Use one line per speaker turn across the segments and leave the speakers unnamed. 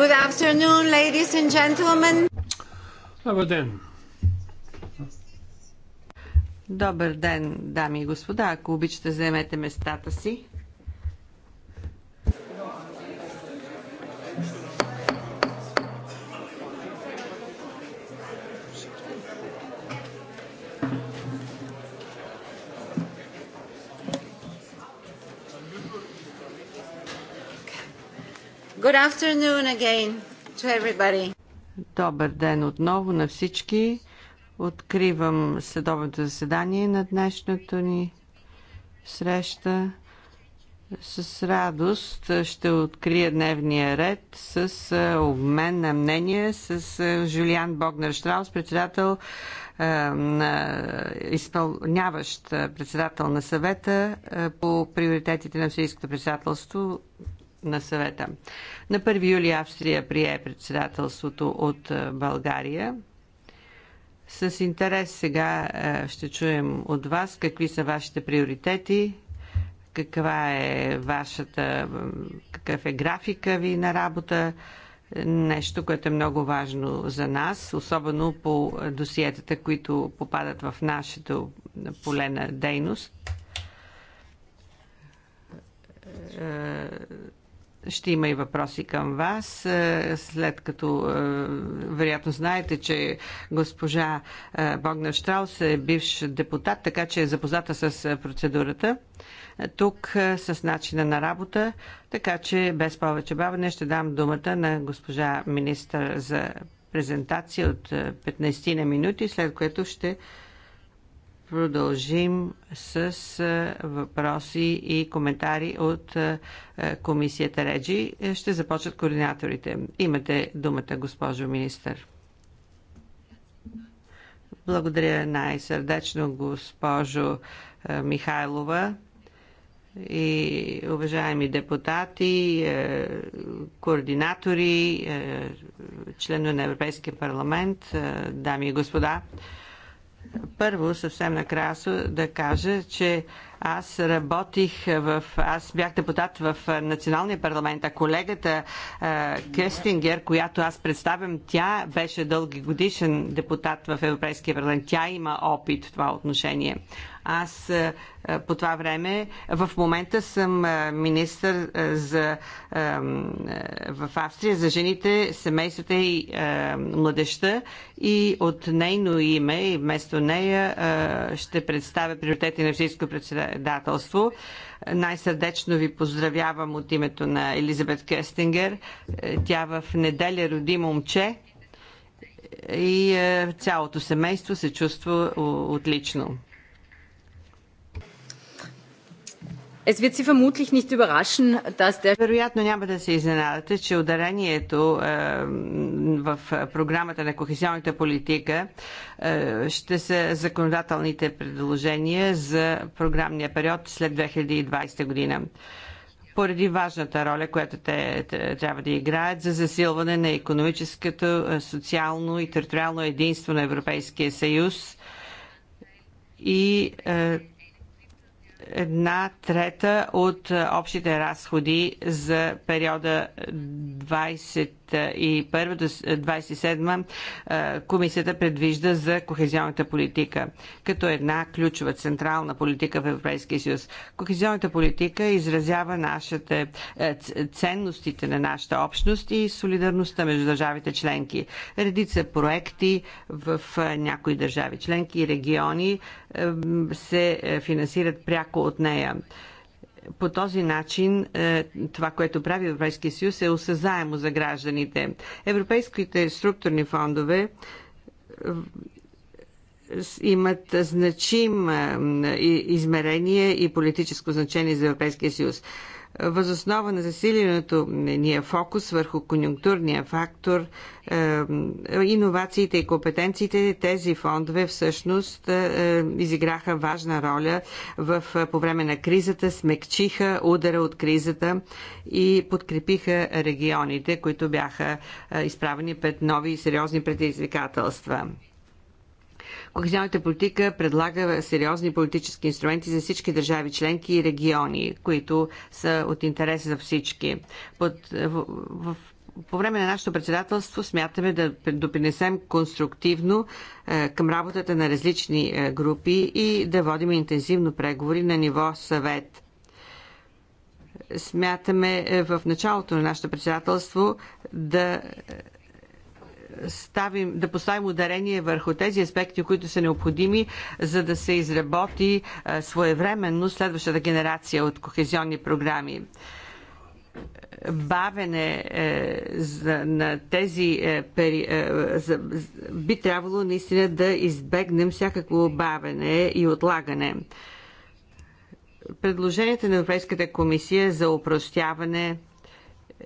Good afternoon, ladies and gentlemen.
Добър ден. Добър ден, дами и господа. Ако обичате, заемете местата си.
Good afternoon again to everybody.
Добър ден отново на всички. Откривам следобното заседание на днешното ни среща. С радост ще открия дневния ред с обмен на мнение с Жулиан Богнер Штраус, председател на изпълняващ председател на съвета по приоритетите на Сирийското председателство на съвета. На 1 юли Австрия прие председателството от е, България. С интерес сега е, ще чуем от вас какви са вашите приоритети, каква е вашата, какъв е графика ви на работа, нещо, което е много важно за нас, особено по досиетата, които попадат в нашето поле на дейност е, ще има и въпроси към вас, е, след като е, вероятно знаете, че госпожа е, Богна Штраус е бивш депутат, така че е запозната с процедурата. Тук с начина на работа, така че без повече бавене ще дам думата на госпожа министър за презентация от 15 на минути, след което ще продължим с въпроси и коментари от комисията Реджи. Ще започнат координаторите. Имате думата, госпожо министър. Благодаря най-сърдечно, госпожо Михайлова и уважаеми депутати, координатори, членове на Европейския парламент, дами и господа. Първо, съвсем накрая да кажа, че аз работих в... Аз бях депутат в Националния парламент, а колегата а, Кестингер, която аз представям, тя беше дълги годишен депутат в Европейския парламент. Тя има опит в това отношение. Аз е, е, по това време, в момента съм е, министър за, в Австрия за жените, семействата и младеща и от нейно име и вместо нея ще представя приоритети на всичко председателство. Най-сърдечно ви поздравявам от името на Елизабет Кестингер. Тя в неделя роди момче и цялото семейство се чувства отлично. Вероятно няма да се изненадате, че ударението в програмата на кохезионната политика е, ще са законодателните предложения за програмния период след 2020 година поради важната роля, която те трябва да играят за засилване на економическото, е, социално и териториално единство на Европейския съюз и е, една трета от общите разходи за периода 2021 2027 комисията предвижда за кохезионната политика като една ключова централна политика в Европейския съюз. Кохезионната политика изразява нашите е, ценностите на нашата общност и солидарността между държавите членки. Редица проекти в е, някои държави членки и региони се е, финансират пряко от нея по този начин е, това, което прави Европейския съюз е осъзаемо за гражданите. Европейските структурни фондове е, имат значим е, измерение и политическо значение за Европейския съюз. Възоснова на засиленото ние фокус върху конъюнктурния фактор, е, иновациите и компетенциите, тези фондове всъщност е, е, изиграха важна роля в, по време на кризата, смекчиха удара от кризата и подкрепиха регионите, които бяха изправени пред нови и сериозни предизвикателства. Кохезионната политика предлага сериозни политически инструменти за всички държави членки и региони, които са от интерес за всички. Под, в, в по време на нашето председателство смятаме да допринесем конструктивно е, към работата на различни е, групи и да водим интензивно преговори на ниво съвет. Смятаме е, в началото на нашето председателство да ставим, да поставим ударение върху тези аспекти, които са необходими, за да се изработи е, своевременно следващата генерация от кохезионни програми бавене е, за, на тези е, пери, е, за, би трябвало наистина да избегнем всякакво бавене и отлагане. Предложенията на Европейската комисия за упростяване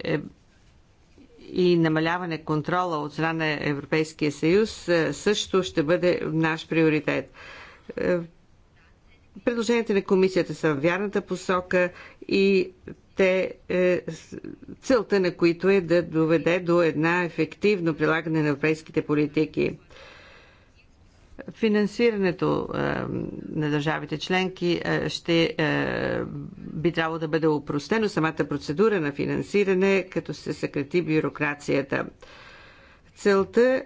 е, и намаляване контрола от страна на Европейския съюз е, също ще бъде наш приоритет. Е, предложенията на комисията са в вярната посока и те, е, целта на които е да доведе до една ефективно прилагане на европейските политики. Финансирането е, на държавите членки е, ще е, би трябвало да бъде упростено самата процедура на финансиране, като се съкрати бюрокрацията. Целта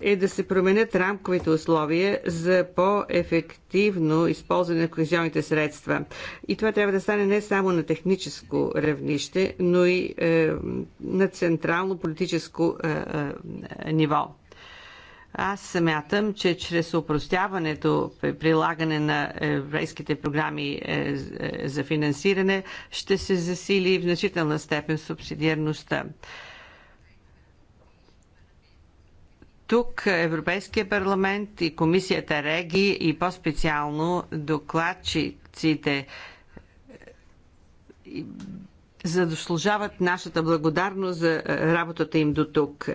е да се променят рамковите условия за по-ефективно използване на кохезионните средства. И това трябва да стане не само на техническо равнище, но и е, на централно политическо е, е, ниво. Аз смятам, че чрез упростяването, прилагане на еврейските програми е, е, за финансиране, ще се засили в значителна степен субсидиарността. Тук Европейския парламент и комисията Реги и по-специално докладчиците е, заслужават нашата благодарност за работата им до тук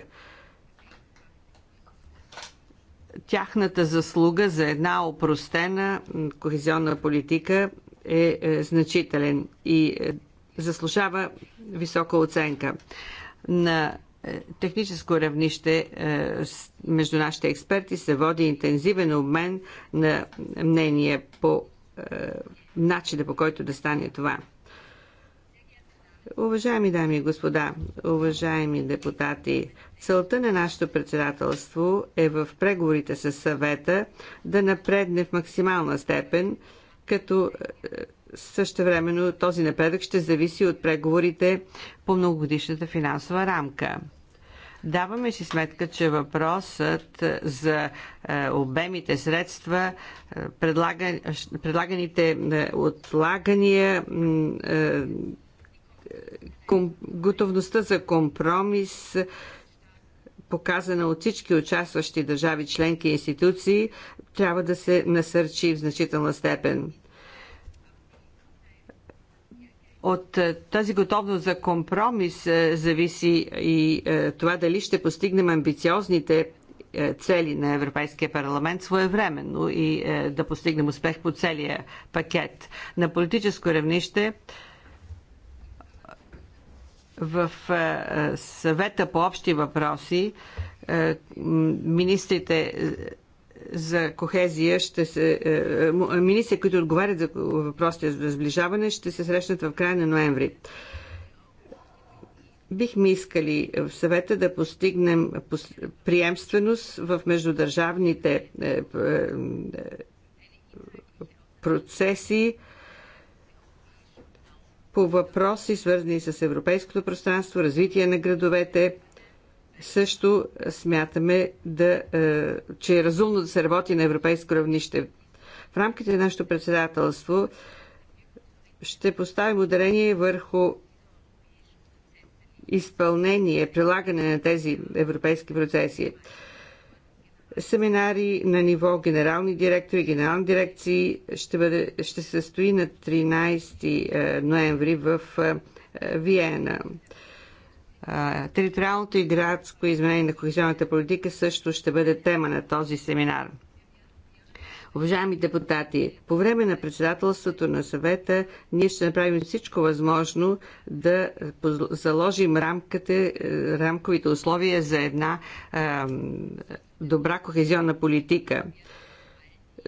тяхната заслуга за една опростена кохезионна политика е, е значителен и е, заслужава висока оценка. На е, техническо равнище между нашите експерти се води интензивен обмен на мнения по начина по който да стане това. Уважаеми дами и господа, уважаеми депутати, целта на нашето председателство е в преговорите с съвета да напредне в максимална степен, като е, същевременно този напредък ще зависи от преговорите по многогодишната финансова рамка. Даваме си сметка, че въпросът е, за е, обемите средства, предлаганите отлагания готовността за компромис, показана от всички участващи държави, членки и институции, трябва да се насърчи в значителна степен. От е, тази готовност за компромис е, зависи и е, това дали ще постигнем амбициозните цели на Европейския парламент своевременно и да постигнем успех по целия пакет. На политическо равнище в е, е, съвета по общи въпроси е, министрите за кохезия ще се... Министри, които отговарят за въпросите за сближаване, ще се срещнат в края на ноември. Бихме искали в съвета да постигнем приемственост в междудържавните процеси, по въпроси, свързани с европейското пространство, развитие на градовете. Също смятаме, да, е, че е разумно да се работи на европейско равнище. В рамките на нашето председателство ще поставим ударение върху изпълнение, прилагане на тези европейски процеси семинари на ниво генерални директори, генерални дирекции. Ще, бъде, ще се състои на 13 е, ноември в е, Виена. Е, териториалното и градско изменение на кохезионната политика също ще бъде тема на този семинар. Уважаеми депутати, по време на председателството на съвета ние ще направим всичко възможно да заложим рамките, рамковите условия за една е, добра кохезионна политика.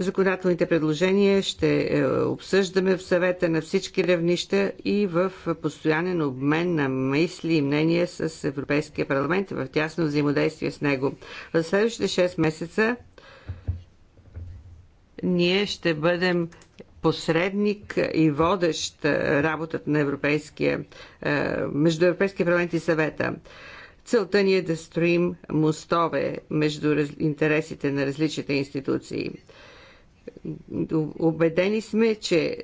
Законодателните предложения ще е, обсъждаме в съвета на всички равнища и в постоянен обмен на мисли и мнения с Европейския парламент в тясно взаимодействие с него. В следващите 6 месеца ние ще бъдем посредник и водещ е, работата на Европейския, е, между Европейския парламент и съвета. Целта ни е да строим мостове между интересите на различните институции. Обедени сме, че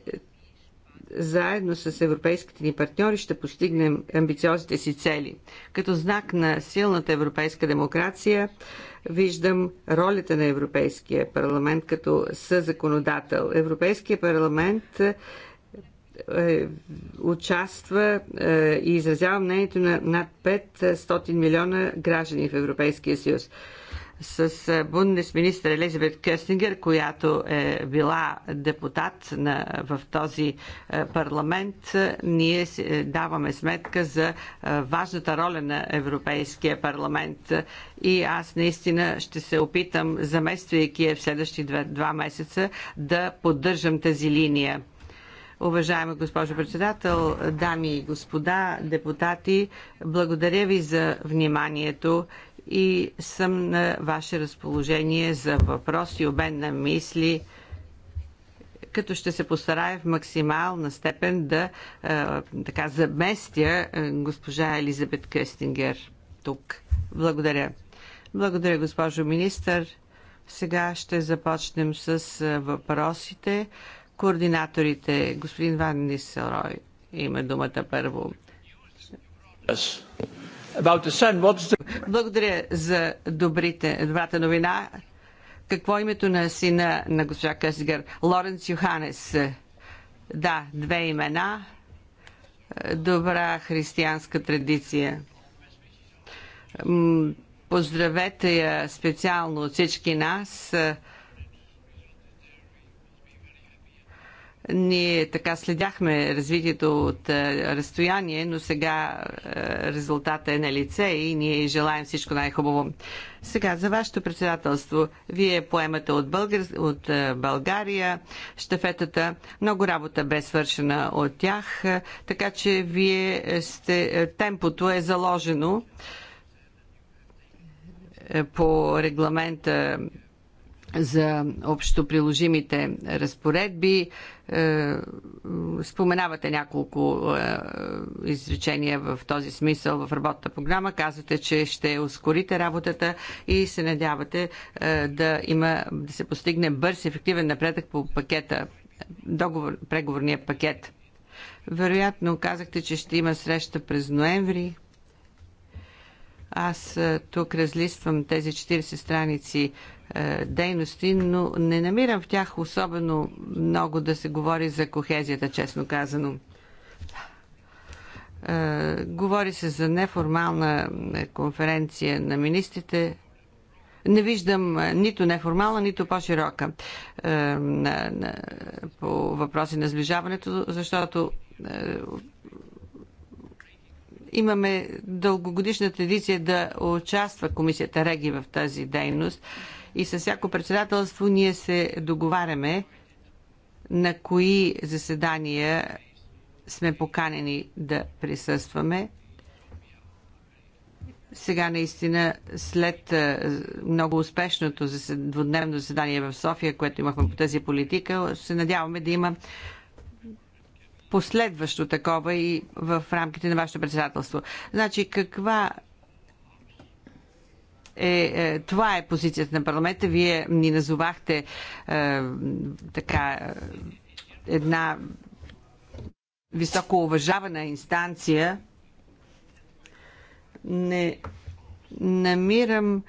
заедно с европейските ни партньори ще постигнем амбициозните си цели. Като знак на силната европейска демокрация, виждам ролята на Европейския парламент като съзаконодател. Европейския парламент е, участва е, и изразява мнението на над 500 милиона граждани в Европейския съюз с бундесминистър Елизабет Кестингер, която е била депутат на, в този парламент. Ние е, даваме сметка за важната роля на Европейския парламент и аз наистина ще се опитам, замествайки я в следващи два, два месеца, да поддържам тази линия. Уважаема госпожо председател, дами и господа депутати, благодаря ви за вниманието и съм на ваше разположение за въпроси, обмен на мисли, като ще се постарая в максимална степен да така заместя госпожа Елизабет Кестингер тук. Благодаря. Благодаря, госпожо министър. Сега ще започнем с въпросите. Координаторите, господин Ван Нисерой, има думата първо. Yes. The... Благодаря за добрите, добрата новина. Какво е името на сина на госпожа Късгър? Лоренц Йоханес. Да, две имена. Добра християнска традиция. Поздравете я специално от всички нас. Ние така следяхме развитието от е, разстояние, но сега е, резултата е на лице и ние желаем всичко най-хубаво. Сега за вашето председателство. Вие поемате от, Българ... от е, България щафетата. Много работа бе свършена от тях, така че вие сте... темпото е заложено по регламента за общоприложимите разпоредби. Е, споменавате няколко е, изречения в този смисъл в работната програма. Казвате, че ще ускорите работата и се надявате е, да, има, да се постигне бърз ефективен напредък по пакета, договор, преговорния пакет. Вероятно казахте, че ще има среща през ноември. Аз тук разлиствам тези 40 страници е, дейности, но не намирам в тях особено много да се говори за кохезията, честно казано. Е, говори се за неформална е, конференция на министрите. Не виждам нито неформална, нито по-широка по въпроси на сближаването, защото имаме дългогодишна традиция да участва комисията Реги в тази дейност и с всяко председателство ние се договаряме на кои заседания сме поканени да присъстваме. Сега наистина, след много успешното двудневно заседание в София, което имахме по тази политика, се надяваме да има последващо такова и в рамките на вашето председателство. Значи, каква е, е, това е позицията на парламента. Вие ни назовахте е, така една високо уважавана инстанция. Не намирам е,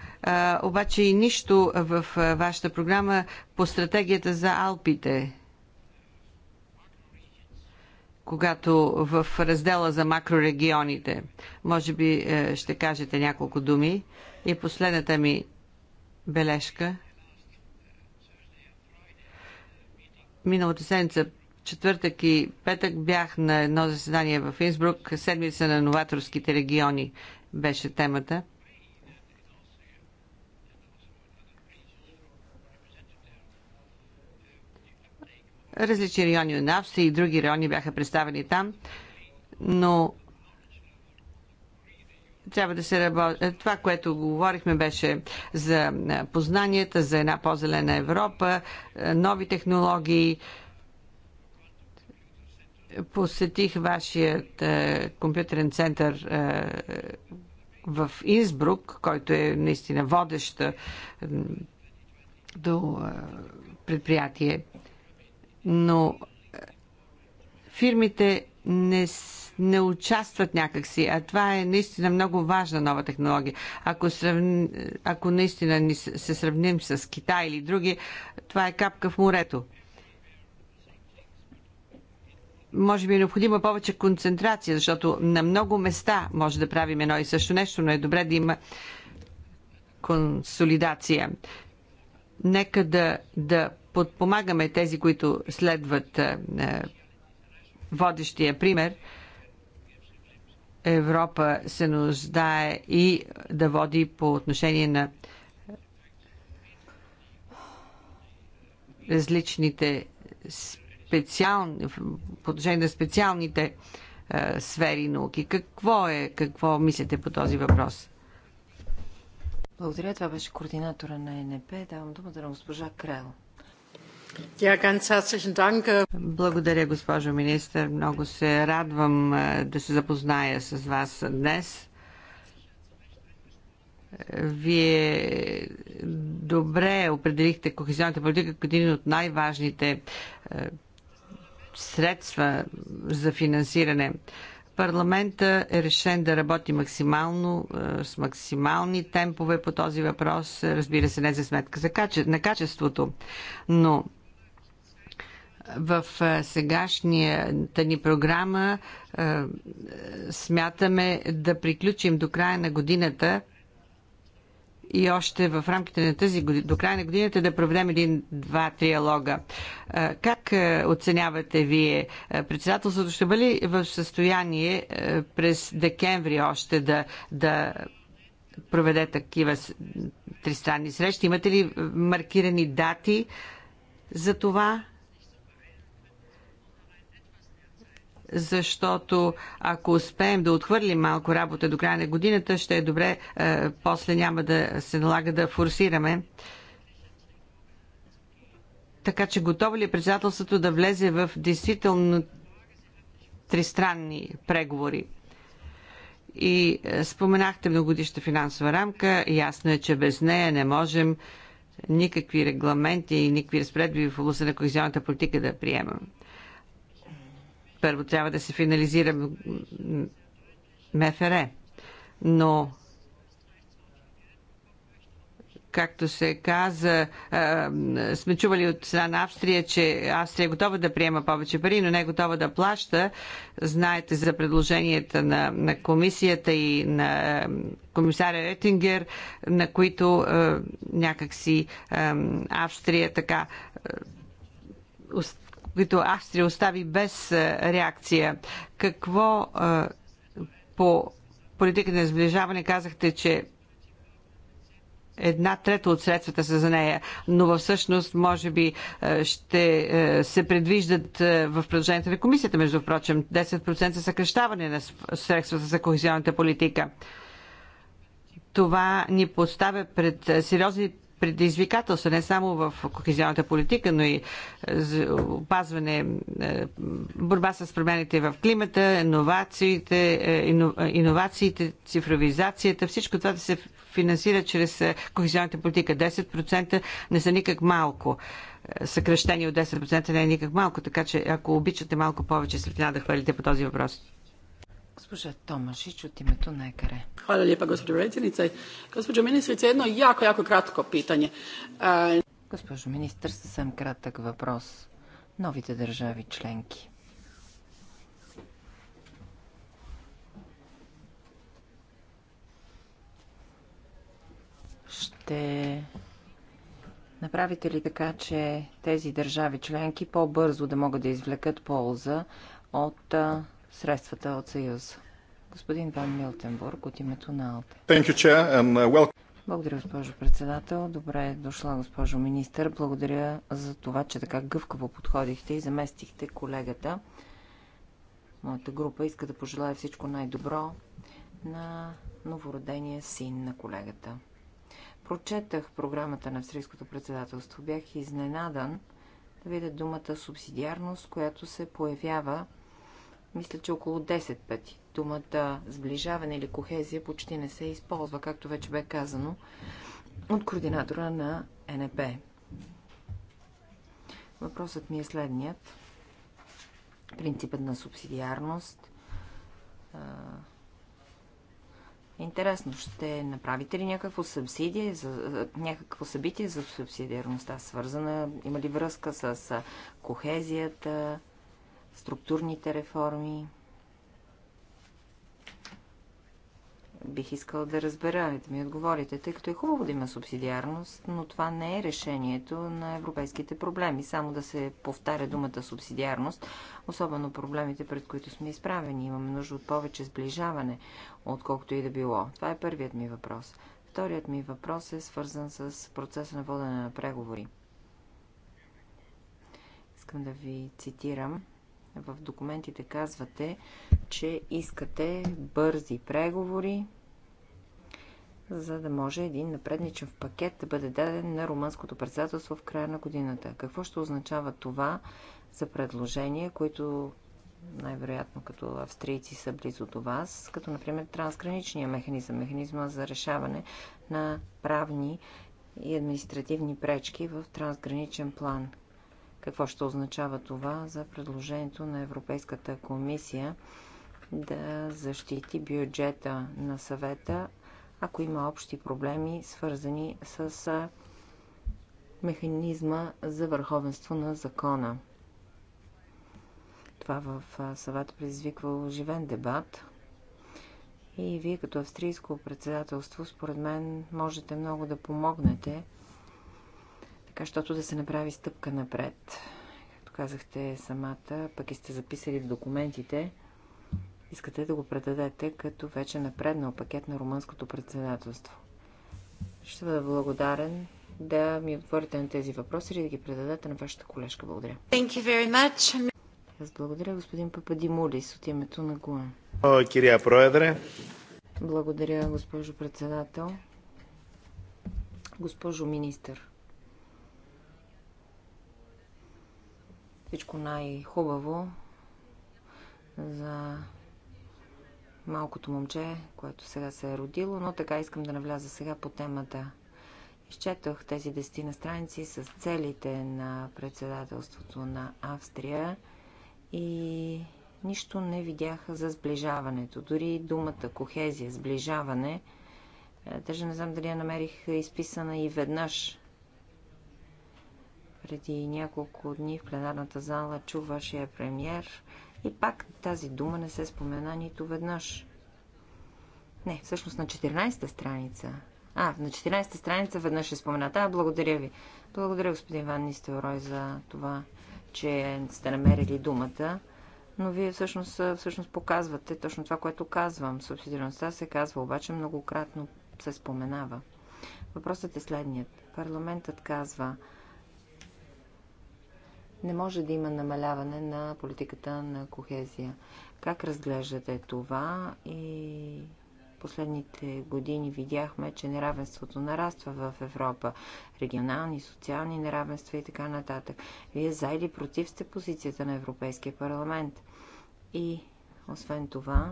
обаче и нищо в е, вашата програма по стратегията за Алпите. Когато в раздела за макрорегионите, може би е, ще кажете няколко думи. И последната ми бележка. Миналата седмица, четвъртък и петък, бях на едно заседание в Инсбрук, седмица на новаторските региони беше темата. Различни райони на Австрия и други райони бяха представени там, но трябва да се работи. Това, което говорихме, беше за познанията, за една по-зелена Европа, нови технологии. Посетих вашият е, компютърен център е, в Инсбрук, който е наистина водеща е, до е, предприятие. Но фирмите не са не участват някакси, а това е наистина много важна нова технология. Ако, сравни, ако наистина ни се сравним с Китай или други, това е капка в морето. Може би е необходима повече концентрация, защото на много места може да правим едно и също нещо, но е добре да има консолидация. Нека да, да подпомагаме тези, които следват е, е водещия пример – Европа се нуждае и да води по отношение на различните специални, по отношение на специалните а, е, сфери науки. Какво е, какво мислите по този въпрос?
Благодаря. Това беше координатора на ЕНП. Давам думата на госпожа Крел.
Äh, Благодаря, госпожо министър. Много се радвам е, да се запозная с вас днес. Вие добре определихте кохезионната политика като един от най-важните е, средства за финансиране. Парламента е решен да работи максимално, е, с максимални темпове по този въпрос, разбира се, не за сметка за каче... на качеството, но в сегашнията ни програма смятаме да приключим до края на годината и още в рамките на тази година, до края на годината да проведем един-два триалога. Как оценявате вие? Председателството ще бъде в състояние през декември още да, да проведе такива тристранни срещи? Имате ли маркирани дати за това? защото ако успеем да отхвърлим малко работа до края на годината, ще е добре, е, после няма да се налага да форсираме. Така че готово ли е председателството да влезе в действително тристранни преговори? И е, споменахте многодишна финансова рамка. Ясно е, че без нея не можем никакви регламенти и никакви разпредби в областта на кохезионната политика да приемам. Първо трябва да се финализира МФР, но както се каза, сме чували от страна на Австрия, че Австрия е готова да приема повече пари, но не е готова да плаща. Знаете за предложенията на, на комисията и на комисаря Етингер, на които някакси Австрия така които Австрия остави без е, реакция. Какво е, по политиката на сближаване казахте, че една трета от средствата са за нея, но във всъщност може би е, ще се предвиждат в предложението на комисията, между прочим, 10% съкрещаване на средствата за кохезионната политика. Това ни поставя пред сериозни предизвикателства не само в кохезионната политика, но и е, опазване, е, борба с промените в климата, иновациите, е, иновациите, цифровизацията, всичко това да се финансира чрез кохезионната политика. 10% не са никак малко. Съкръщение от 10% не е никак малко, така че ако обичате малко повече светлина да хвалите по този въпрос.
Госпожа Томашич от името на ЕКАРЕ.
Hvala lijepa, gospođo predsjednice. Gospođo ministrice, jedno jako, jako kratko pitanje.
Госпожо министр, съвсем кратък въпрос. Новите държави членки. Ще направите ли така, че тези държави членки по-бързо да могат да извлекат полза от средствата от съюз. Господин Ван Милтенбург от името на АЛТЕ. Uh, Благодаря, госпожо председател. Добре е дошла, госпожо министър. Благодаря за това, че така гъвкаво подходихте и заместихте колегата. Моята група иска да пожелая всичко най-добро на новородения син на колегата. Прочетах програмата на австрийското председателство. Бях изненадан да видя думата субсидиарност, която се появява мисля, че около 10 пъти. Думата сближаване или кохезия почти не се използва, както вече бе казано, от координатора на НП. Въпросът ми е следният. Принципът на субсидиарност. Интересно, ще направите ли някакво субсидие, за, някакво събитие за субсидиарността свързана? Има ли връзка с кохезията? структурните реформи. Бих искал да разбера, да ми отговорите, тъй като е хубаво да има субсидиарност, но това не е решението на европейските проблеми. Само да се повтаря думата субсидиарност, особено проблемите, пред които сме изправени. Имаме нужда от повече сближаване, отколкото и да било. Това е първият ми въпрос. Вторият ми въпрос е свързан с процеса на водене на преговори. Искам да ви цитирам в документите казвате, че искате бързи преговори, за да може един напредничен пакет да бъде даден на румънското председателство в края на годината. Какво ще означава това за предложения, които най-вероятно като австрийци са близо до вас, като например трансграничния механизъм, механизма за решаване на правни и административни пречки в трансграничен план. Какво ще означава това за предложението на Европейската комисия да защити бюджета на съвета, ако има общи проблеми, свързани с механизма за върховенство на закона? Това в съвета предизвиква живен дебат. И вие като австрийско председателство, според мен, можете много да помогнете – така, щото да се направи стъпка напред. Както казахте самата, пък и сте записали в документите, искате да го предадете като вече напреднал пакет на румънското председателство. Ще бъда благодарен да ми отворите на тези въпроси или да ги предадете на вашата колежка. Благодаря. Thank you very much. Аз благодаря господин Пападимулис от името на ГУЕ.
Кирия Проедре.
Благодаря, госпожо председател. Госпожо министър, Всичко най-хубаво за малкото момче, което сега се е родило, но така искам да навляза сега по темата. Изчетох тези десетина страници с целите на председателството на Австрия и нищо не видяха за сближаването. Дори думата кохезия, сближаване, даже не знам дали я намерих изписана и веднъж. Преди няколко дни в пленарната зала чу вашия премьер и пак тази дума не се спомена нито веднъж. Не, всъщност на 14-та страница. А, на 14-та страница веднъж е спомената. А, благодаря ви. Благодаря, господин Ван Нистелрой, за това, че сте намерили думата. Но вие всъщност, всъщност показвате точно това, което казвам. Субсидиарността се казва, обаче многократно се споменава. Въпросът е следният. Парламентът казва, не може да има намаляване на политиката на кохезия. Как разглеждате това и последните години видяхме, че неравенството нараства в Европа. Регионални, социални неравенства и така нататък. Вие за или против сте позицията на Европейския парламент. И освен това,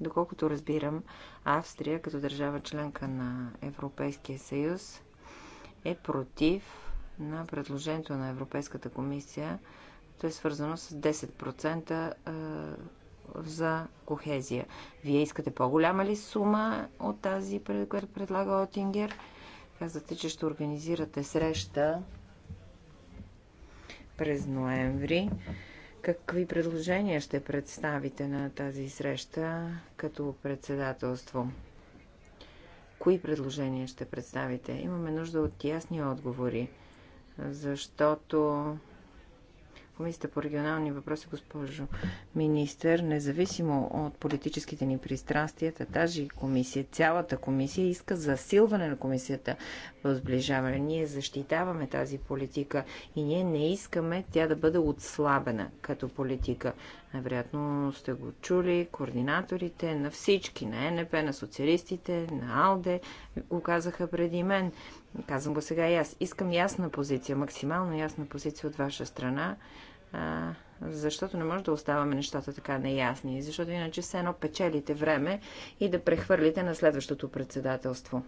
доколкото разбирам, Австрия като държава членка на Европейския съюз е против на предложението на Европейската комисия. То е свързано с 10% за кохезия. Вие искате по-голяма ли сума от тази, която предлага Отингер? Казвате, че ще организирате среща през ноември. Какви предложения ще представите на тази среща като председателство? Кои предложения ще представите? Имаме нужда от ясни отговори защото Комисията по регионални въпроси, госпожо министър, независимо от политическите ни пристрастията, тази комисия, цялата комисия иска засилване на комисията в сближаване. Ние защитаваме тази политика и ние не искаме тя да бъде отслабена като политика. Вероятно сте го чули, координаторите на всички, на НП, на социалистите, на АЛДЕ, го казаха преди мен. Казвам го сега и аз. Искам ясна позиция, максимално ясна позиция от ваша страна, а, защото не може да оставаме нещата така неясни, защото иначе все едно печелите време и да прехвърлите на следващото
председателство.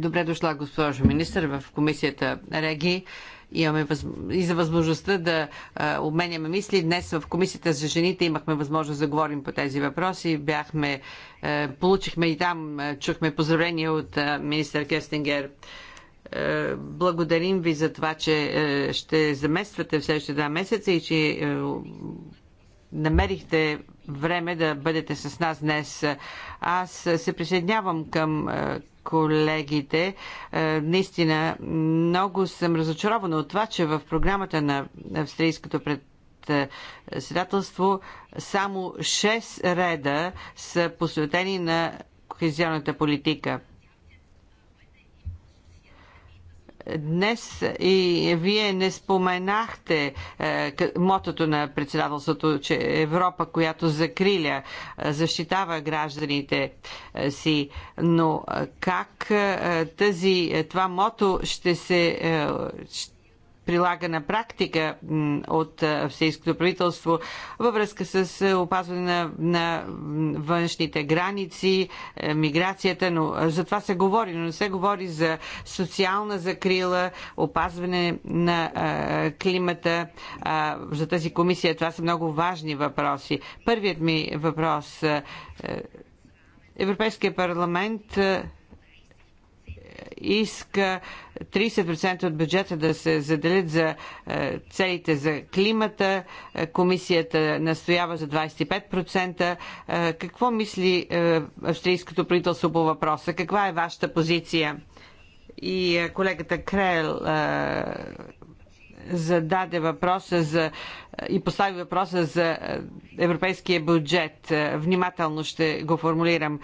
Добре дошла, госпожо министър, в комисията Реги имаме въз... и за възможността да а, обменяме мисли. Днес в Комисията за жените имахме възможност да говорим по тези въпроси. Бяхме, а, е, получихме и там, а, е, чухме поздравления от а, е, министър Кестингер. Благодарим ви за това, че ще замествате в следващите два месеца и че намерихте време да бъдете с нас днес. Аз се присъединявам към колегите. Е, наистина много съм разочарована от това, че в програмата на австрийското пред председателство само 6 реда са посветени на кохезионната политика. Днес и вие не споменахте е, мотото на председателството, че Европа, която закриля, е, защитава гражданите е, си, но как тази, това мото ще се ще Прилагана практика от австрийското правителство във връзка с опазване на, на външните граници, е, миграцията, но за това се говори, но не се говори за социална закрила, опазване на а, климата. А, за тази комисия това са много важни въпроси. Първият ми въпрос. А, е, е, Европейския парламент а, иска 30% от бюджета да се заделят за е, целите за климата. Е, комисията настоява за 25%. Е, какво мисли австрийското правителство по въпроса? Каква е вашата позиция? И колегата Крел зададе въпроса за и постави въпроса за европейския бюджет. Внимателно ще го формулирам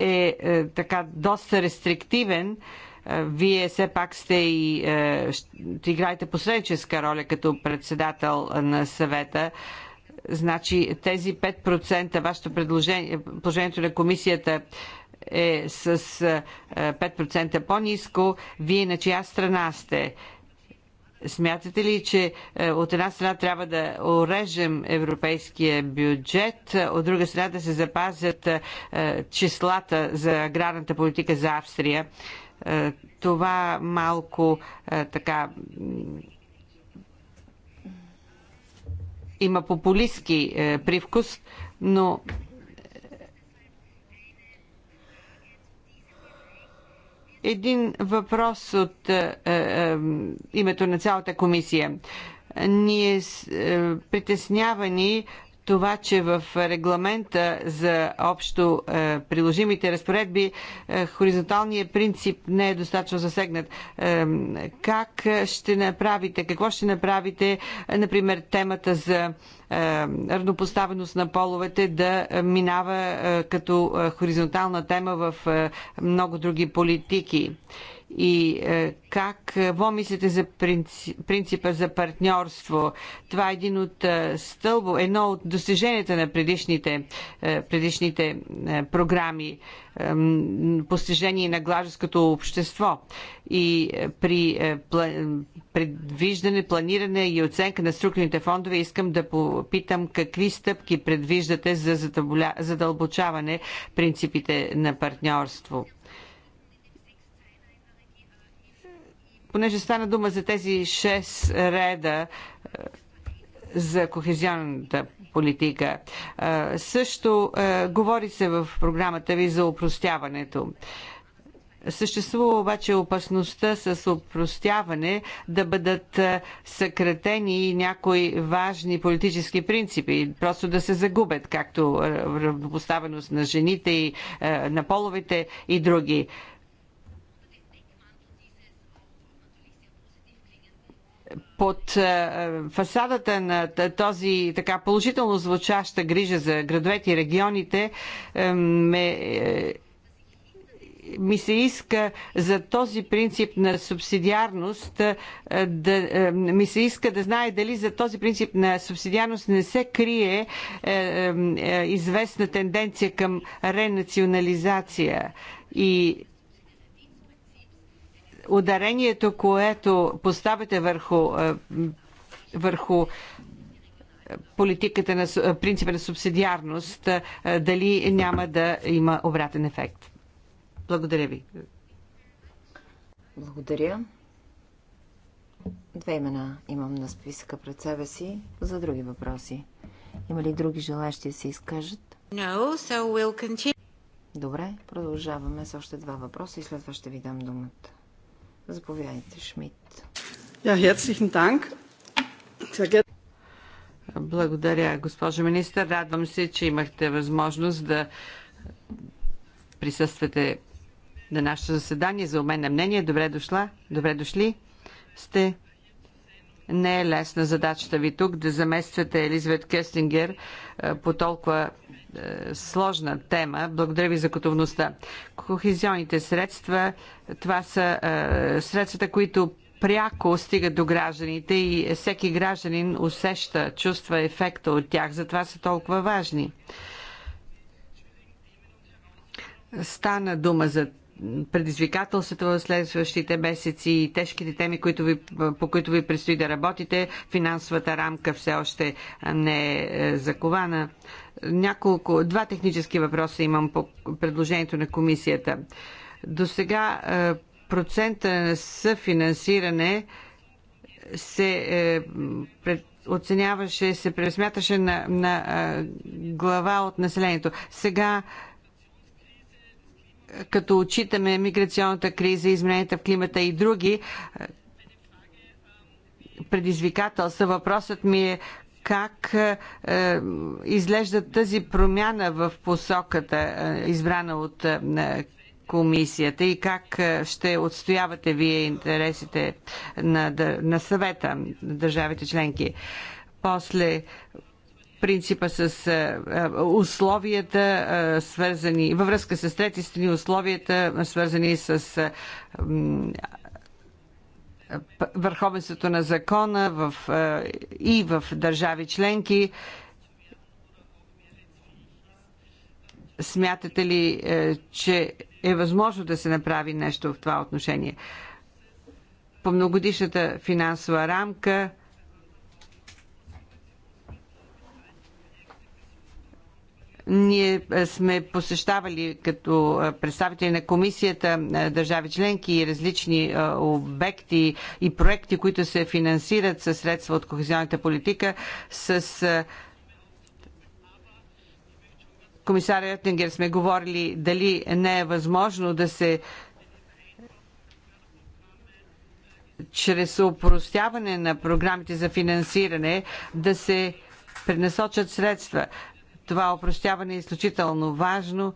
е, е така доста рестриктивен. Е, вие все пак сте и е, играете посредническа роля като председател на съвета. Значи тези 5%, вашето предложение, положението на комисията е с 5% е, по-низко. Вие на чия страна сте? Смятате ли, че е, от една страна трябва да орежем европейския бюджет, от друга страна да се запазят е, числата за аграрната политика за Австрия? Е, това малко така има популистски привкус, но Един въпрос от е, е, името на цялата комисия. Ние е, притеснявани това, че в регламента за общо е, приложимите разпоредби е, хоризонталният принцип не е достатъчно засегнат. Е, как ще направите, какво ще направите, например, темата за е, равнопоставеност на половете да минава е, като е, хоризонтална тема в много други политики? и е, как е, мислите за принципа за партньорство. Това е един от е, стълбо, едно от достиженията на предишните, предишните програми, постижение на глажеското общество. И при предвиждане, планиране и оценка на структурните фондове искам да попитам какви стъпки предвиждате за задълбочаване принципите на партньорство понеже стана дума за тези шест реда е, за кохезионната политика. Е, също е, говори се в програмата ви за упростяването. Съществува обаче опасността с упростяване да бъдат съкратени някои важни политически принципи, просто да се загубят, както равнопоставеност на жените и на половите и други. под е, фасадата на този така положително звучаща грижа за градовете и регионите е, ме е, ми се иска за този принцип на субсидиарност да, ми се иска да знае дали за този принцип на субсидиарност не се крие е, е, известна тенденция към ренационализация и ударението, което поставяте върху, е, върху политиката на е, принципа на субсидиарност, е, дали няма да има обратен ефект. Благодаря ви.
Благодаря. Две имена имам на списъка пред себе си за други въпроси. Има ли други желащи да се изкажат?
No, so we'll continue.
Добре, продължаваме с още два въпроса и след това ще ви дам думата.
Заповядайте, Шмидт. Я, херцихен Dank. Благодаря, госпожо министър. Радвам се, че имахте възможност да присъствате на нашето заседание за обмен на е мнение. Добре дошла, добре дошли сте. Не е лесна задачата ви тук да замествате Елизабет Кестингер по толкова е, сложна тема. Благодаря ви за готовността. Кохезионните средства, това са е, средствата, които пряко стигат до гражданите и всеки гражданин усеща, чувства ефекта от тях. Затова са толкова важни. Стана дума за предизвикателствата в следващите месеци и тежките теми, които ви, по които ви предстои да работите. Финансовата рамка все още не е, е закована няколко, два технически въпроса имам по предложението на комисията. До сега е, процента на съфинансиране се е, пред, оценяваше, се пресмяташе на, на е, глава от населението. Сега, като отчитаме миграционната криза, измененията в климата и други, е, предизвикателства. Въпросът ми е как е, е, изглежда тази промяна в посоката, е, избрана от комисията и как ще отстоявате вие интересите на, на съвета на държавите членки. После принципа с условията, свързани във връзка с трети страни, условията, свързани с върховенството на закона в, е, и в държави членки. Смятате ли, е, че е възможно да се направи нещо в това отношение? По многодишната финансова рамка Ние е, сме посещавали като е, представители на комисията е, държави членки и различни обекти и проекти, които се финансират със средства от кохезионната политика, с комисаря Тенгер сме говорили дали не е възможно да се чрез упростяване на програмите за финансиране да се пренасочат средства. Това опростяване е изключително важно,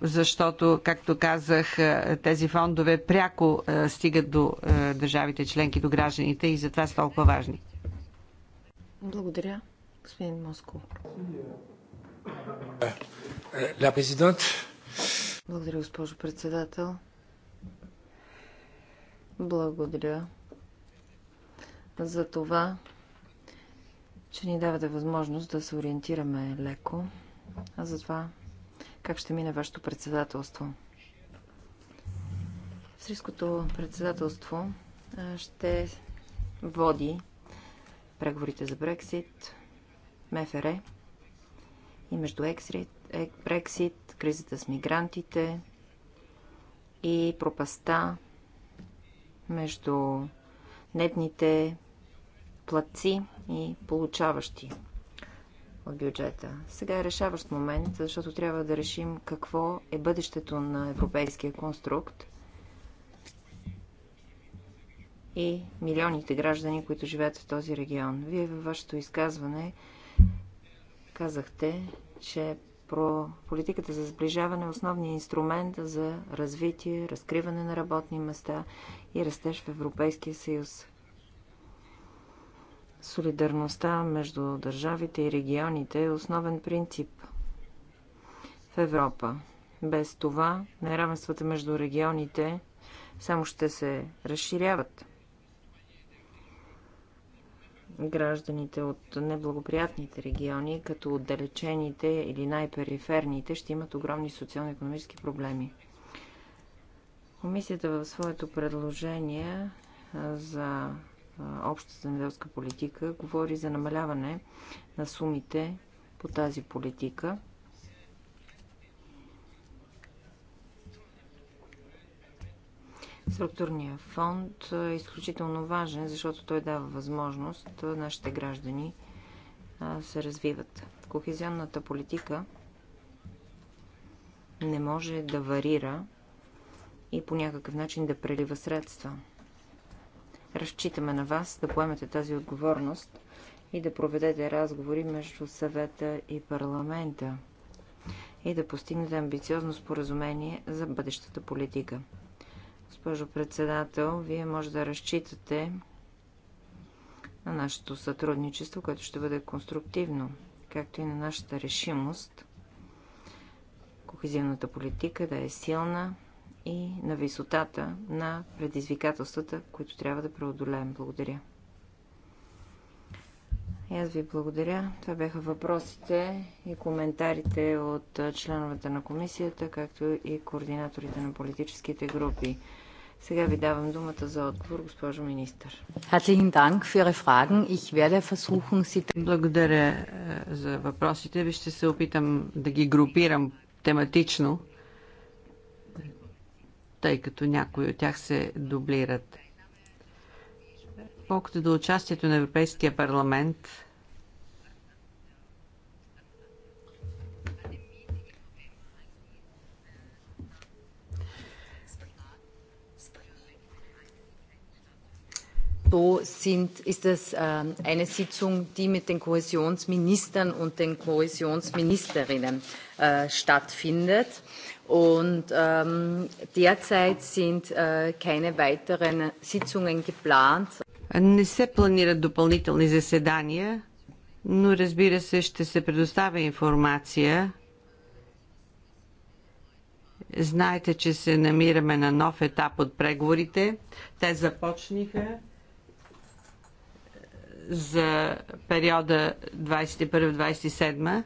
защото, както казах, е, тези фондове пряко е, стигат до е, държавите членки, до гражданите и затова са толкова важни.
Благодаря, господин Москов. Ля президент. Благодаря, госпожо председател. Благодаря за това, че ни давате възможност да се ориентираме леко а за това как ще мине вашето председателство. Сриското председателство ще води преговорите за Брексит, МФР и между Ексрит, е, Брексит, кризата с мигрантите и пропаста между нетните платци и получаващи от бюджета. Сега е решаващ момент, защото трябва да решим какво е бъдещето на европейския конструкт и милионите граждани, които живеят в този регион. Вие във вашето изказване казахте, че про политиката за сближаване е основният инструмент за развитие, разкриване на работни места и растеж в Европейския съюз. Солидарността между държавите и регионите е основен принцип в Европа. Без това неравенствата между регионите само ще се разширяват. Гражданите от неблагоприятните региони, като отдалечените или най-периферните, ще имат огромни социално-економически проблеми. Комисията в своето предложение за общата земеделска политика говори за намаляване на сумите по тази политика. Структурният фонд е изключително важен, защото той дава възможност нашите граждани се развиват. Кохезионната политика не може да варира и по някакъв начин да прелива средства. Разчитаме на вас да поемете тази отговорност и да проведете разговори между съвета и парламента и да постигнете амбициозно споразумение за бъдещата политика. Госпожо председател, вие може да разчитате на нашето сътрудничество, което ще бъде конструктивно, както и на нашата решимост Кохезивната политика да е силна, и на висотата на предизвикателствата, които трябва да преодолеем. Благодаря. И аз ви благодаря. Това бяха въпросите и коментарите от членовете на комисията, както и координаторите на политическите групи. Сега ви давам думата за отговор,
госпожо министър. Благодаря е, за въпросите Вижте Ще се опитам да ги групирам тематично тъй като някои от тях се дублират. Колкото до участието на Европейския парламент,
so sind, ist das eine Sitzung, die mit den Kohäsionsministern und den Kohäsionsministerinnen stattfindet. Und ähm, derzeit sind äh, keine weiteren Sitzungen
geplant. Не се планират допълнителни заседания, но разбира се ще се предоставя информация. Знаете, че се намираме на нов етап от преговорите. Те започниха е, за периода 21-27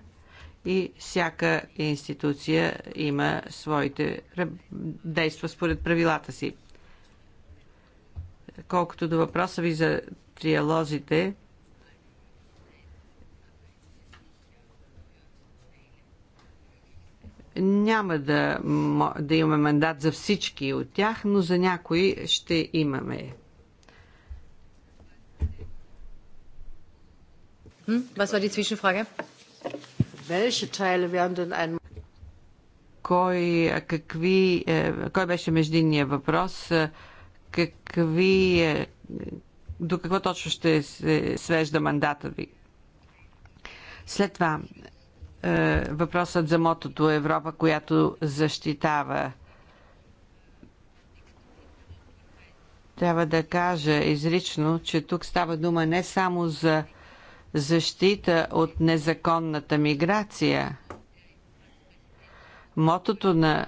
и всяка институция има своите действа според правилата си. Колкото до въпроса ви за триалозите, няма да, да имаме мандат за всички от тях, но за някои ще имаме. Hm? Was war die Zwischenfrage? Кой, какви, е, кой беше междинния въпрос? Е, какви, е, до какво точно ще се свежда мандата ви? След това, въпросът за мотото Европа, която защитава трябва да кажа изрично, че тук става дума не само за защита от незаконната миграция. Мотото на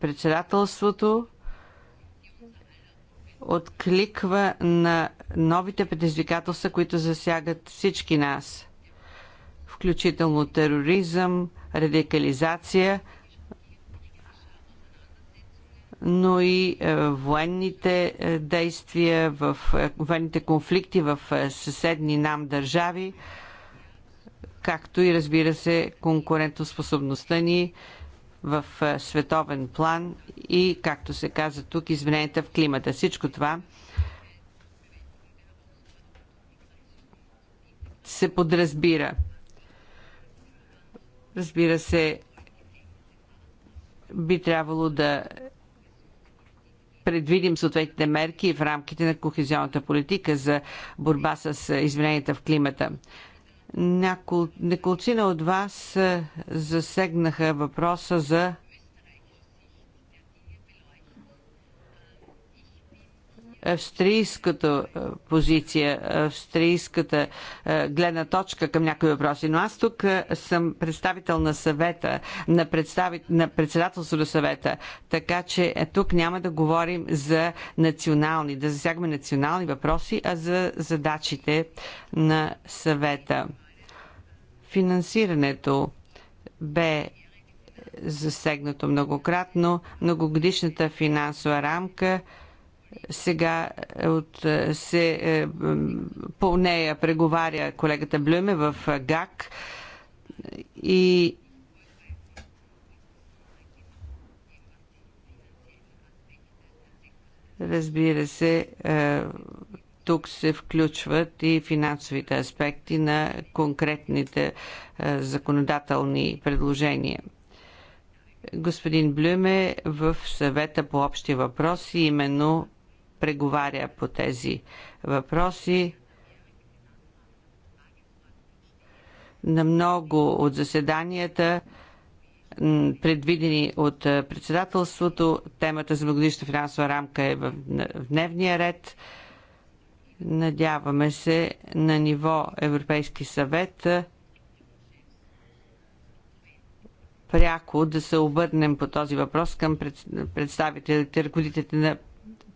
председателството откликва на новите предизвикателства, които засягат всички нас, включително тероризъм, радикализация – но и е, военните е, действия в е, военните конфликти в съседни нам държави, както и разбира се конкурентоспособността ни в световен план и, както се каза тук, измененията в климата. Всичко това се подразбира. Разбира се, би трябвало да предвидим съответните мерки в рамките на кохезионната политика за борба с измененията в климата. Няколко от вас засегнаха въпроса за австрийската е, позиция, австрийската е, гледна точка към някои въпроси. Но аз тук е, съм представител на съвета, на, представи... на председателство на съвета, така че тук няма да говорим за национални, да засягаме национални въпроси, а за задачите на съвета. Финансирането бе засегнато многократно. Многогодишната финансова рамка сега е, от, е, се, е, по нея преговаря колегата Блюме в ГАК и разбира се, тук се включват и финансовите аспекти на конкретните законодателни предложения. Господин Блюме в съвета по общи въпроси именно преговаря по тези въпроси. На много от заседанията предвидени от председателството. Темата за многодишна финансова рамка е в дневния ред. Надяваме се на ниво Европейски съвет пряко да се обърнем по този въпрос към представителите, ръководителите на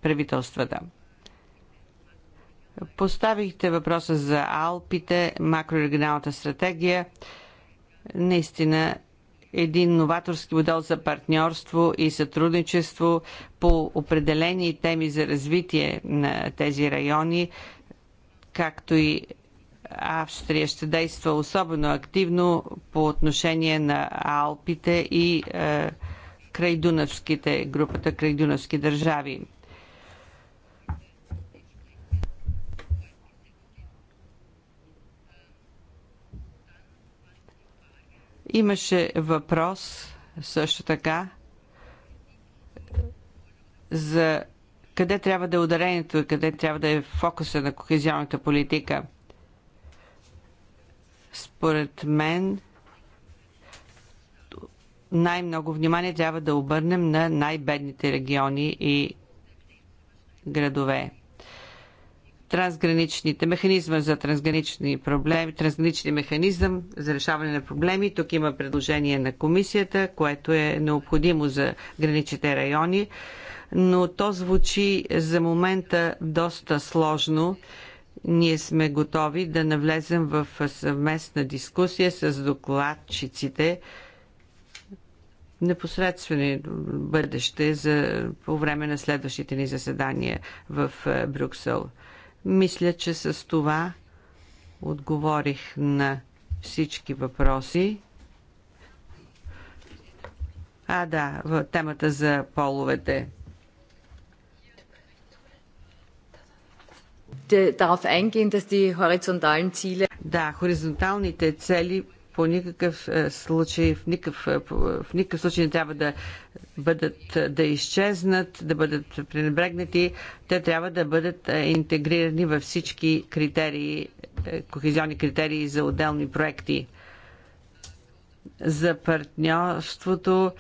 правителствата. Поставихте въпроса за Алпите, макрорегионалната стратегия. Наистина един новаторски модел за партньорство и сътрудничество по определени теми за развитие на тези райони, както и Австрия ще действа особено активно по отношение на Алпите и е, крайдунавските, групата крайдунавски държави. Имаше въпрос също така за къде трябва да е ударението и къде трябва да е фокуса на кохезионната политика. Според мен най-много внимание трябва да обърнем на най-бедните региони и градове трансграничните механизма за трансгранични проблеми, трансгранични механизъм за решаване на проблеми. Тук има предложение на комисията, което е необходимо за граничните райони, но то звучи за момента доста сложно ние сме готови да навлезем в съвместна дискусия с докладчиците непосредствено бъдеще за, по време на следващите ни заседания в е, Брюксел. Мисля, че с това отговорих на всички въпроси. А, да, в темата за половете. Да, хоризонталните цели по никакъв е, случай, в никакъв, е, в никакъв случай не трябва да бъдат, да изчезнат, да бъдат пренебрегнати. Те трябва да бъдат е, интегрирани във всички критерии, кохезионни критерии за отделни проекти за партньорството,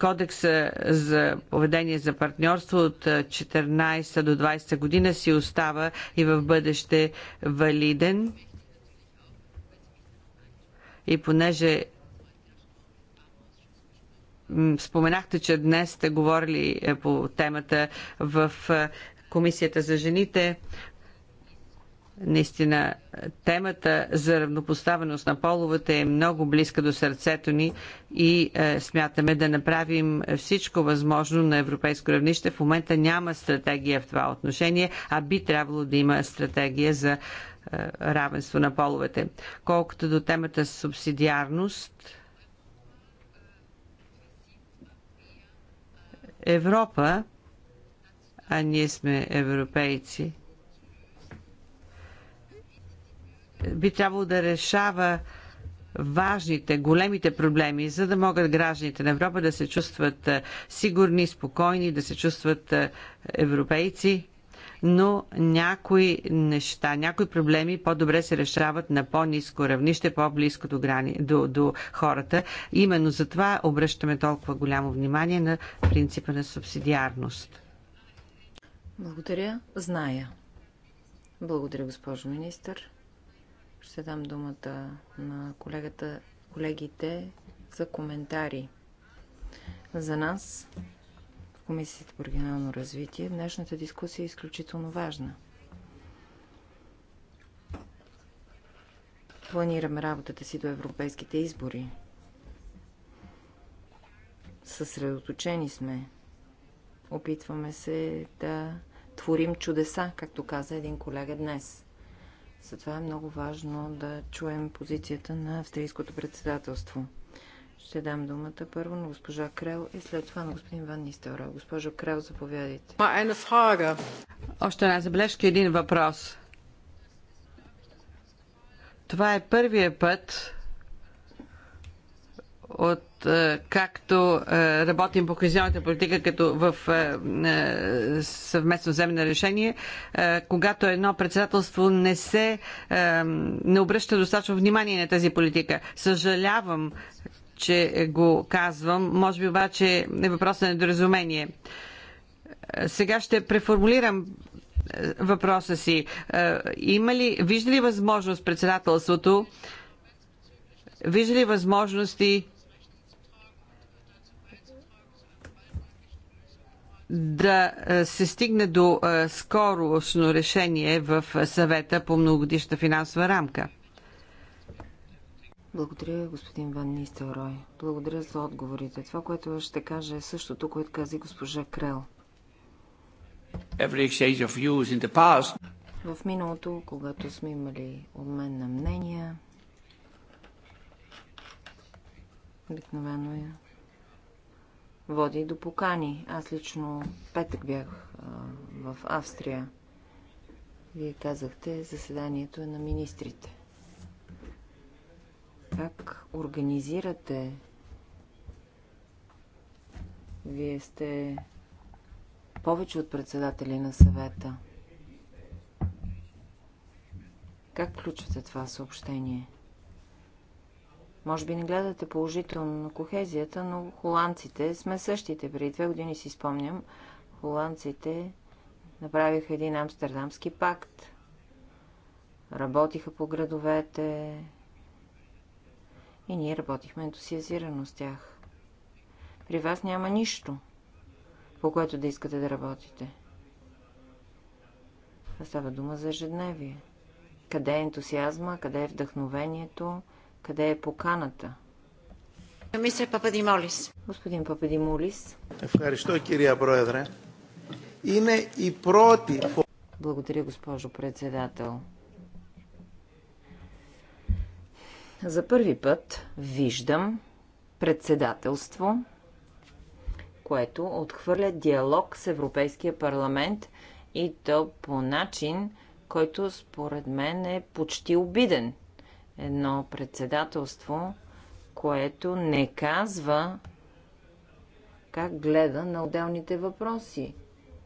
кодекса за поведение за партньорство от 14 до 20 година си остава и в бъдеще валиден. И понеже споменахте, че днес сте говорили е, по темата в е, Комисията за жените, наистина темата за равнопоставеност на половете е много близка до сърцето ни и е, смятаме да направим всичко възможно на европейско равнище. В момента няма стратегия в това отношение, а би трябвало да има стратегия за е, равенство на половете. Колкото до темата субсидиарност, Европа, а ние сме европейци, би трябвало да решава важните, големите проблеми, за да могат гражданите на Европа да се чувстват е, сигурни, спокойни, да се чувстват е, европейци но някои неща, някои проблеми по-добре се решават на по-низко равнище, по-близко до, грани, до, до хората. Именно за това обръщаме толкова голямо внимание на принципа на субсидиарност.
Благодаря. Зная. Благодаря, госпожо министър. Ще дам думата на колегата, колегите за коментари. За нас Комисията по регионално развитие. Днешната дискусия е изключително важна. Планираме работата си до европейските избори. Съсредоточени сме. Опитваме се да творим чудеса, както каза един колега днес. Затова е много важно да чуем позицията на австрийското председателство – ще дам думата първо на госпожа Крел и след това на господин Ван Нистелро. Госпожо Крел, заповядайте.
Още една забележка, един въпрос. Това е първия път, от е, както е, работим по кризионната политика като в е, съвместно вземане решение, когато едно председателство не се не обръща достатъчно внимание на тази политика. Съжалявам, че го казвам. Може би обаче е въпрос на недоразумение. Сега ще преформулирам е, въпроса си. Е, има ли, вижда ли възможност председателството, вижда ли възможности да е, се стигне до скорошно решение в съвета по многогодишна финансова рамка?
Благодаря, господин Ван Нистелрой. Благодаря за отговорите. Това, което ще кажа е същото, което каза госпожа Крел. В миналото, когато сме имали обмен на мнения, обикновено я е, води до покани. Аз лично петък бях а, в Австрия. Вие казахте, заседанието е на министрите. Как организирате? Вие сте повече от председатели на съвета. Как включвате това съобщение? Може би не гледате положително на кохезията, но холандците сме същите. Преди две години си спомням, холандците направиха един амстердамски пакт. Работиха по градовете, и ние работихме ентусиазирано с тях. При вас няма нищо, по което да искате да работите. А става дума за ежедневие. Къде е ентусиазма, къде е вдъхновението, къде е поканата? Мистер Пападимолис. Господин Пападимолис.
Ευχαριστώ, кирия Πρόεδρε.
Είναι η πρώτη... Благодаря, госпожо председател. За първи път виждам председателство, което отхвърля диалог с Европейския парламент и то по начин, който според мен е почти обиден. Едно председателство, което не казва как гледа на отделните въпроси.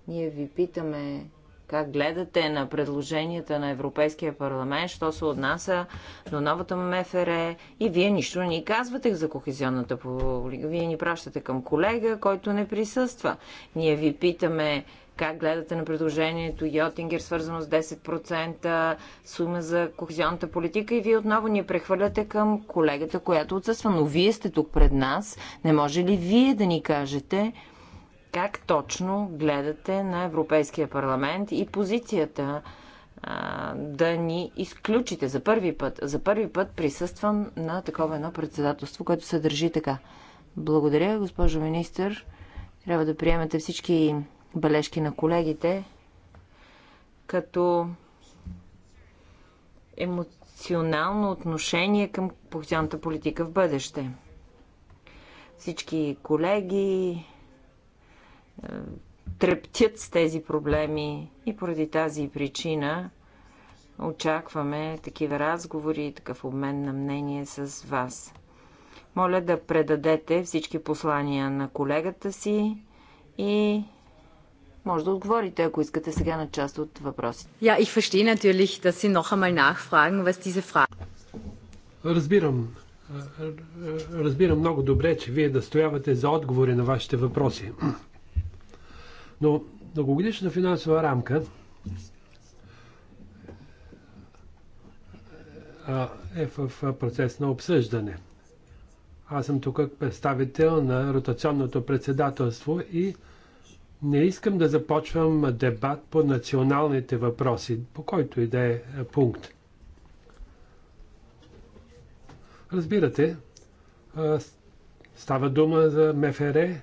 Ние ви питаме как гледате на предложенията на Европейския парламент, що се отнася до новата МФР и вие нищо не ни казвате за кохезионната политика. Вие ни пращате към колега, който не присъства. Ние ви питаме как гледате на предложението Йотингер, свързано с 10% сума за кохезионната политика и вие отново ни прехвърляте към колегата, която отсъства. Но вие сте тук пред нас. Не може ли вие да ни кажете как точно гледате на Европейския парламент и позицията а, да ни изключите за първи път? За първи път присъствам на такова едно председателство, което се държи така. Благодаря, госпожо министър. Трябва да приемете всички бележки на колегите като емоционално отношение към кохезионната политика в бъдеще. Всички колеги трептят с тези проблеми и поради тази причина очакваме такива разговори и такъв обмен на мнение с вас. Моля да предадете всички послания на колегата си и може да отговорите, ако искате сега на част от въпросите. Ja, ich verstehe natürlich, dass Sie noch einmal nachfragen, was diese Frage... Разбирам.
Разбирам много добре, че вие да стоявате за отговори на вашите въпроси. Но дългогодишната финансова рамка е в процес на обсъждане. Аз съм тук представител на ротационното председателство и не искам да започвам дебат по националните въпроси, по който и да е пункт. Разбирате, става дума за МФР,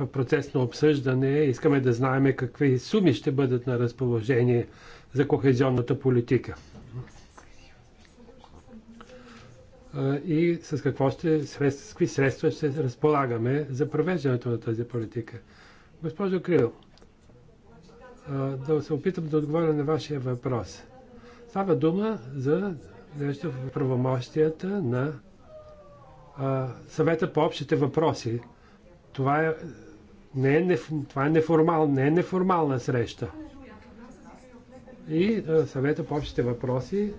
в процес на обсъждане. Искаме да знаем какви суми ще бъдат на разположение за кохезионната политика. И с, какво ще, с какви средства ще разполагаме за провеждането на тази политика. Госпожо Крил, да се опитам да отговоря на вашия въпрос. Става дума за нещо в правомощията на съвета по общите въпроси. Това е не е неф... Това е, неформал... не е неформална среща. И съвета по общите въпроси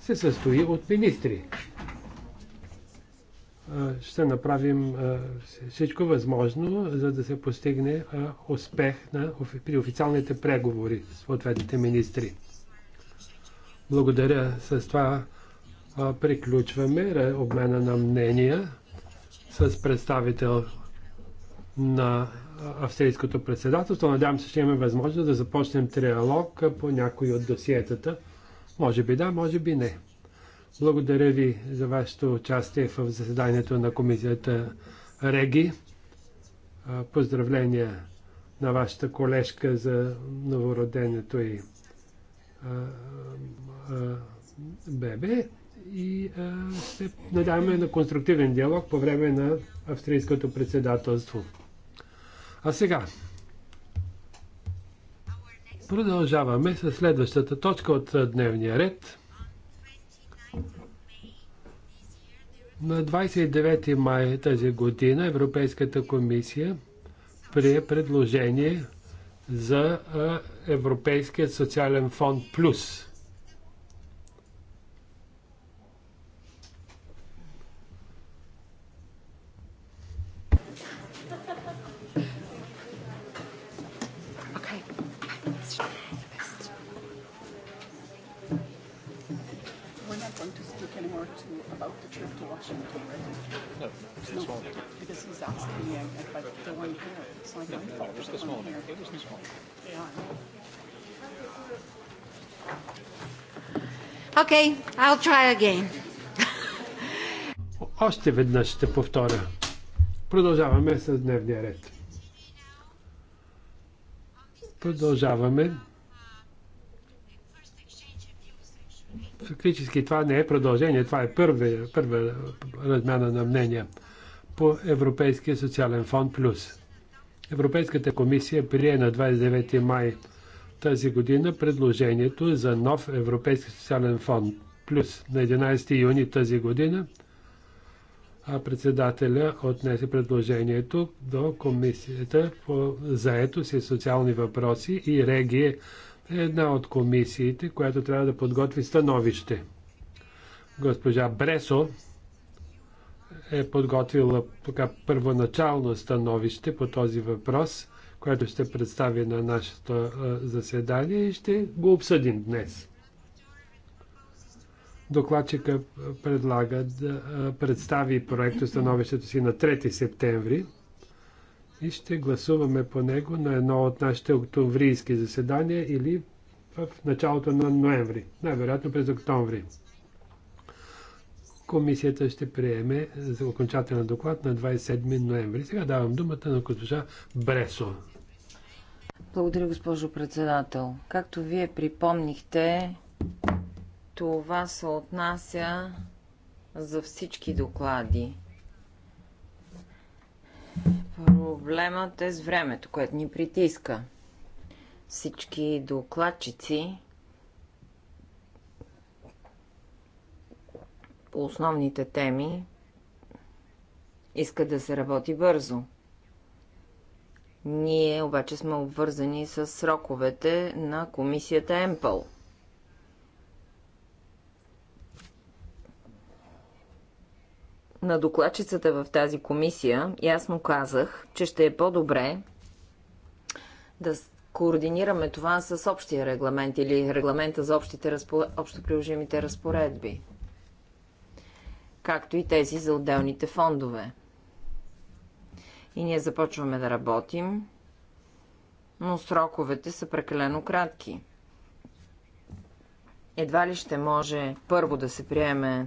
се състои от министри. ще направим всичко възможно, за да се постигне успех на, при официалните преговори с ответните министри. Благодаря. С това приключваме обмена на мнения с представител на австрийското председателство. Надявам се, ще имаме възможност да започнем триалог по някои от досиетата. Може би да, може би не. Благодаря ви за вашето участие в заседанието на комисията Реги. Поздравления на вашата колежка за новороденето и бебе и а, се надяваме на конструктивен диалог по време на австрийското председателство. А сега продължаваме с следващата точка от дневния ред. На 29 май тази година Европейската комисия прие предложение за Европейския социален фонд Плюс.
Okay, I'll try
again.
Още веднъж ще повторя. Продължаваме с дневния ред. Продължаваме. Фактически това не е продължение, това е първа, първа размяна на мнения по Европейския социален фонд Плюс. Европейската комисия прие на 29 май тази година предложението е за нов Европейски социален фонд. Плюс на 11 юни тази година а председателя отнесе предложението до Комисията по заетост и социални въпроси и Регия е една от комисиите, която трябва да подготви становище. Госпожа Бресо е подготвила така първоначално становище по този въпрос – което ще представи на нашето заседание и ще го обсъдим днес. Докладчика предлага да представи проекто становището си на 3 септември и ще гласуваме по него на едно от нашите октомврийски заседания или в началото на ноември, най-вероятно през октомври. Комисията ще приеме за окончателен доклад на 27 ноември. Сега давам думата на госпожа Бресо.
Благодаря, госпожо председател. Както вие припомнихте, това се отнася за всички доклади. Проблемът е с времето, което ни притиска. Всички докладчици по основните теми искат да се работи бързо – ние обаче сме обвързани с сроковете на комисията Емпъл. На докладчицата в тази комисия ясно казах, че ще е по-добре да координираме това с общия регламент или регламента за общите разпо... общо приложимите разпоредби, както и тези за отделните фондове и ние започваме да работим, но сроковете са прекалено кратки. Едва ли ще може първо да се приеме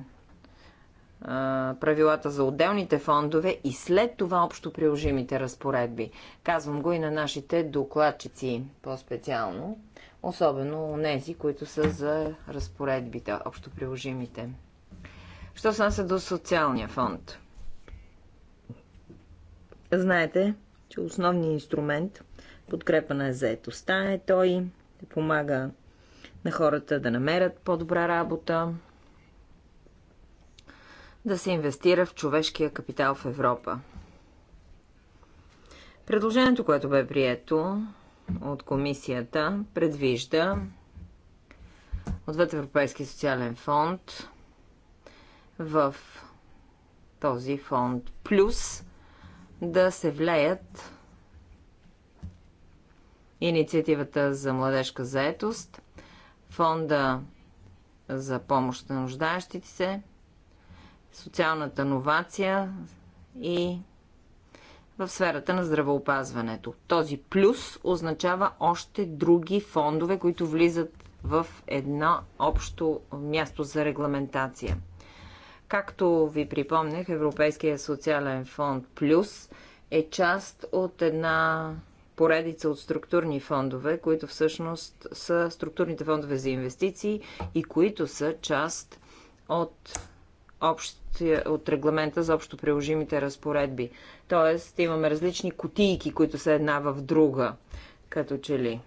правилата за отделните фондове и след това общо приложимите разпоредби. Казвам го и на нашите докладчици по-специално, особено нези, които са за разпоредбите, общо приложимите. Що се до социалния фонд? Знаете, че основният инструмент подкрепа на заетостта е той, да помага на хората да намерят по-добра работа, да се инвестира в човешкия капитал в Европа. Предложението, което бе прието от комисията, предвижда отвъд Европейски социален фонд в този фонд плюс да се влеят инициативата за младежка заетост, фонда за помощ на нуждаещите се, социалната новация и в сферата на здравеопазването. Този плюс означава още други фондове, които влизат в едно общо място за регламентация – Както ви припомнях, Европейския социален фонд Плюс е част от една поредица от структурни фондове, които всъщност са структурните фондове за инвестиции и които са част от, общ, от регламента за общо приложимите разпоредби. Тоест имаме различни кутийки, които са една в друга, като че ли.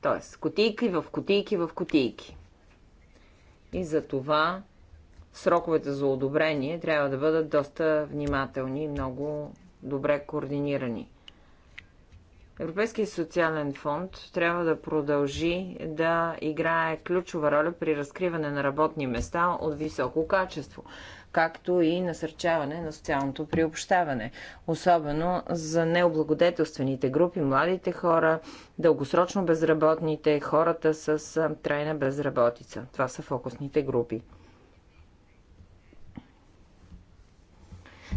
Тоест, кутийки в кутийки в кутийки. И за това сроковете за одобрение трябва да бъдат доста внимателни и много добре координирани. Европейския социален фонд трябва да продължи да играе ключова роля при разкриване на работни места от високо качество както и насърчаване на социалното приобщаване, особено за необлагодетелствените групи, младите хора, дългосрочно безработните, хората с трайна безработица. Това са фокусните групи.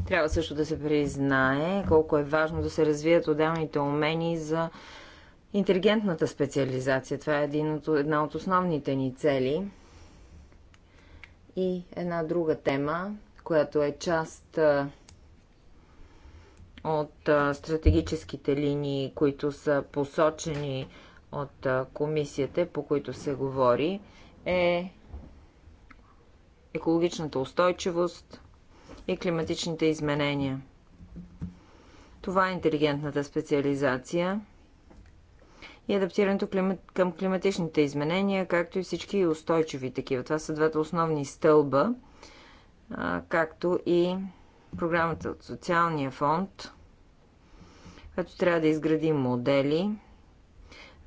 Трябва също да се признае колко е важно да се развият отделните умения за интелигентната специализация. Това е един от, една от основните ни цели – и една друга тема, която е част от стратегическите линии, които са посочени от комисията, по които се говори, е екологичната устойчивост и климатичните изменения. Това е интелигентната специализация – и адаптирането към климатичните изменения, както и всички устойчиви такива. Това са двата основни стълба, както и програмата от социалния фонд, като трябва да изградим модели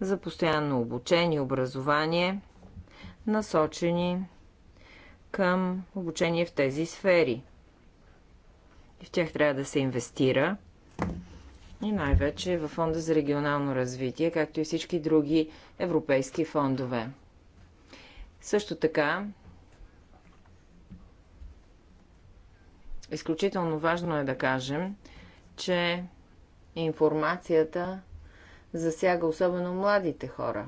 за постоянно обучение и образование, насочени към обучение в тези сфери. И в тях трябва да се инвестира – и най-вече във Фонда за регионално развитие, както и всички други европейски фондове. Също така, изключително важно е да кажем, че информацията засяга особено младите хора.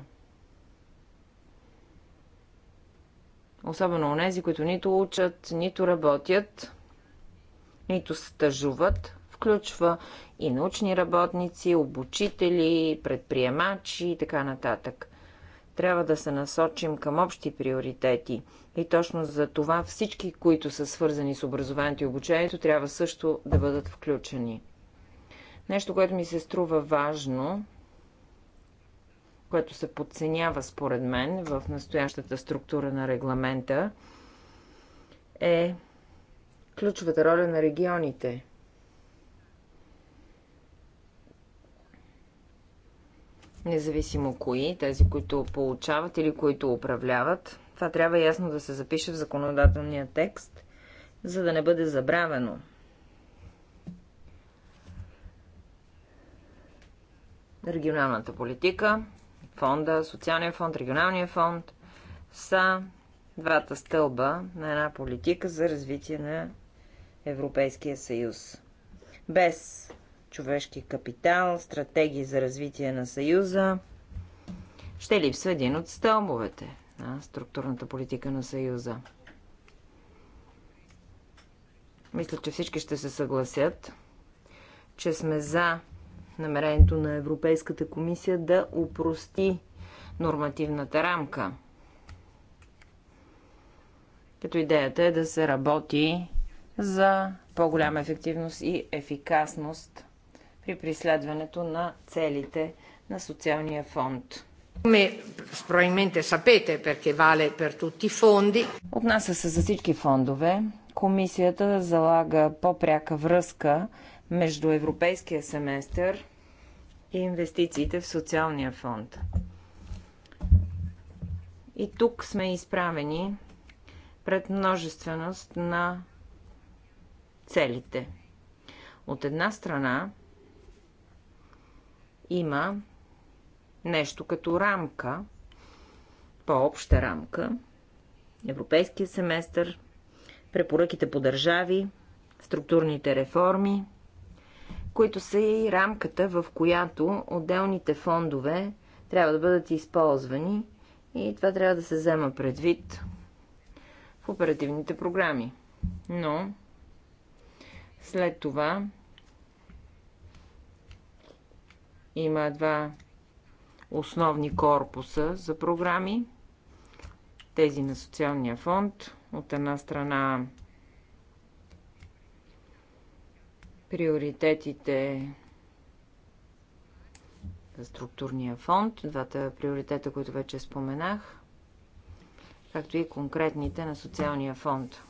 Особено у нези, които нито учат, нито работят, нито стъжуват – включва и научни работници, обучители, предприемачи и така нататък. Трябва да се насочим към общи приоритети. И точно за това всички, които са свързани с образованието и обучението, трябва също да бъдат включени. Нещо, което ми се струва важно, което се подценява според мен в настоящата структура на регламента, е ключовата роля на регионите. независимо кои, тези, които получават или които управляват. Това трябва ясно да се запише в законодателния текст, за да не бъде забравено. Регионалната политика, фонда, социалния фонд, регионалния фонд са двата стълба на една политика за развитие на Европейския съюз. Без човешки капитал, стратегии за развитие на Съюза. Ще липсва един от стълбовете на структурната политика на Съюза. Мисля, че всички ще се съгласят, че сме за намерението на Европейската комисия да упрости нормативната рамка. Като идеята е да се работи за по-голяма ефективност и ефикасност при преследването на целите на социалния фонд. Отнася се за всички фондове. Комисията залага по-пряка връзка между европейския семестър и инвестициите в социалния фонд. И тук сме изправени пред множественост на целите. От една страна има нещо като рамка, по-обща рамка, европейския семестър, препоръките по държави, структурните реформи, които са и рамката, в която отделните фондове трябва да бъдат използвани и това трябва да се взема предвид в оперативните програми. Но след това Има два основни корпуса за програми. Тези на социалния фонд. От една страна приоритетите за структурния фонд, двата приоритета, които вече споменах, както и конкретните на социалния фонд.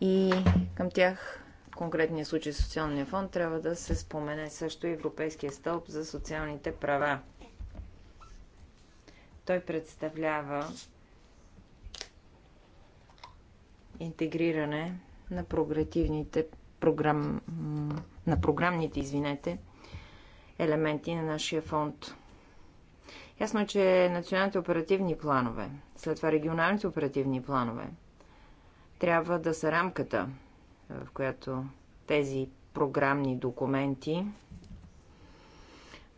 И към тях конкретния случай социалния фонд трябва да се спомене също и Европейския стълб за социалните права. Той представлява интегриране на прогративните програм... на програмните, извинете, елементи на нашия фонд. Ясно е, че националните оперативни планове, след това регионалните оперативни планове, трябва да са рамката – в която тези програмни документи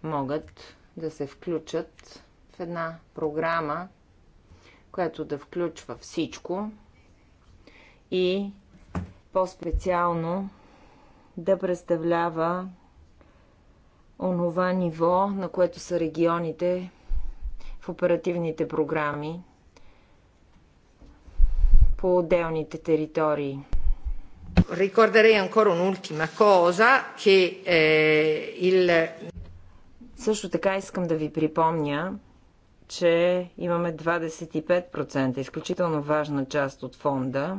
могат да се включат в една програма, която да включва всичко и по-специално да представлява онова ниво, на което са регионите в оперативните програми по отделните територии. Ricorderei ancora un'ultima cosa, che eh, il... Също така искам да ви припомня, че имаме 25%, изключително важна част от фонда,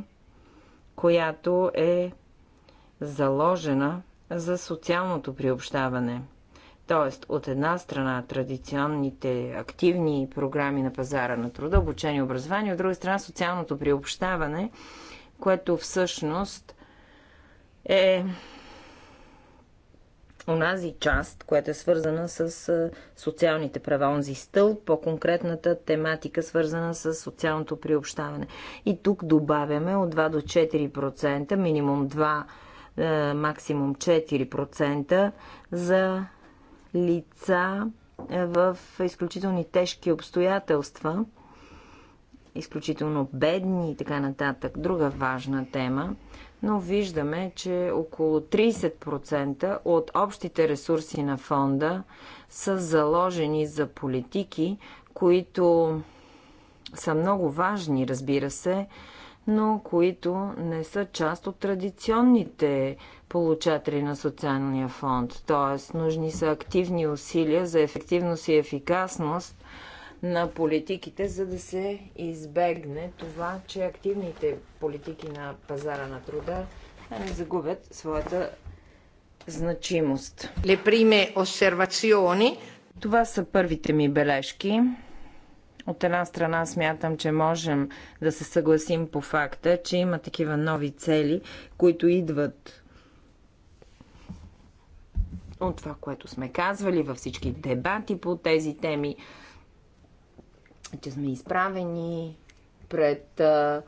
която е заложена за социалното приобщаване. Тоест, от една страна традиционните активни програми на пазара на труда, обучение и образование, от друга страна социалното приобщаване, което всъщност е онази част, която е свързана с социалните права, онзи стъл, по-конкретната тематика, свързана с социалното приобщаване. И тук добавяме от 2 до 4%, минимум 2, максимум 4% за лица в изключително тежки обстоятелства, изключително бедни и така нататък. Друга важна тема но виждаме, че около 30% от общите ресурси на фонда са заложени за политики, които са много важни, разбира се, но които не са част от традиционните получатели на социалния фонд. Тоест, нужни са активни усилия за ефективност и ефикасност на политиките, за да се избегне това, че активните политики на пазара на труда не загубят своята значимост. Le prime osservazioni. Това са първите ми бележки. От една страна смятам, че можем да се съгласим по факта, че има такива нови цели, които идват от това, което сме казвали във всички дебати по тези теми че сме изправени пред а,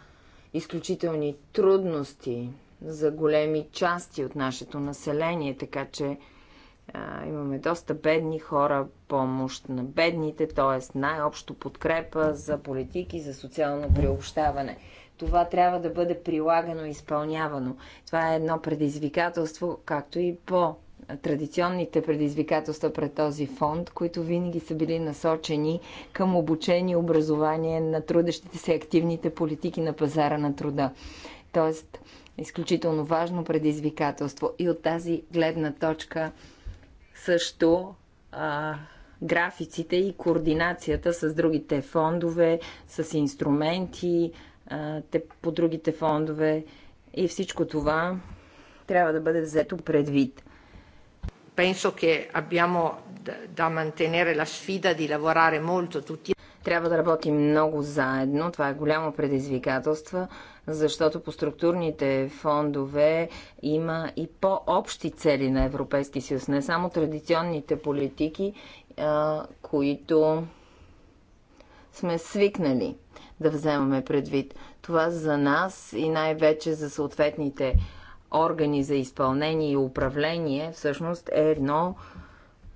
изключителни трудности за големи части от нашето население, така че а, имаме доста бедни хора, помощ на бедните, т.е. най-общо подкрепа за политики, за социално приобщаване. Това трябва да бъде прилагано и изпълнявано. Това е едно предизвикателство, както и по традиционните предизвикателства пред този фонд, които винаги са били насочени към обучение и образование на трудещите се активните политики на пазара на труда. Тоест, изключително важно предизвикателство. И от тази гледна точка също а, графиците и координацията с другите фондове, с инструменти, а, те, по другите фондове и всичко това трябва да бъде взето предвид. Penso che abbiamo da mantenere la sfida di lavorare molto tutti. Трябва да работим много заедно. Това е голямо предизвикателство, защото по структурните фондове има и по-общи цели на Европейски съюз, не само традиционните политики, които сме свикнали да вземаме предвид. Това за нас и най-вече за съответните органи за изпълнение и управление, всъщност е едно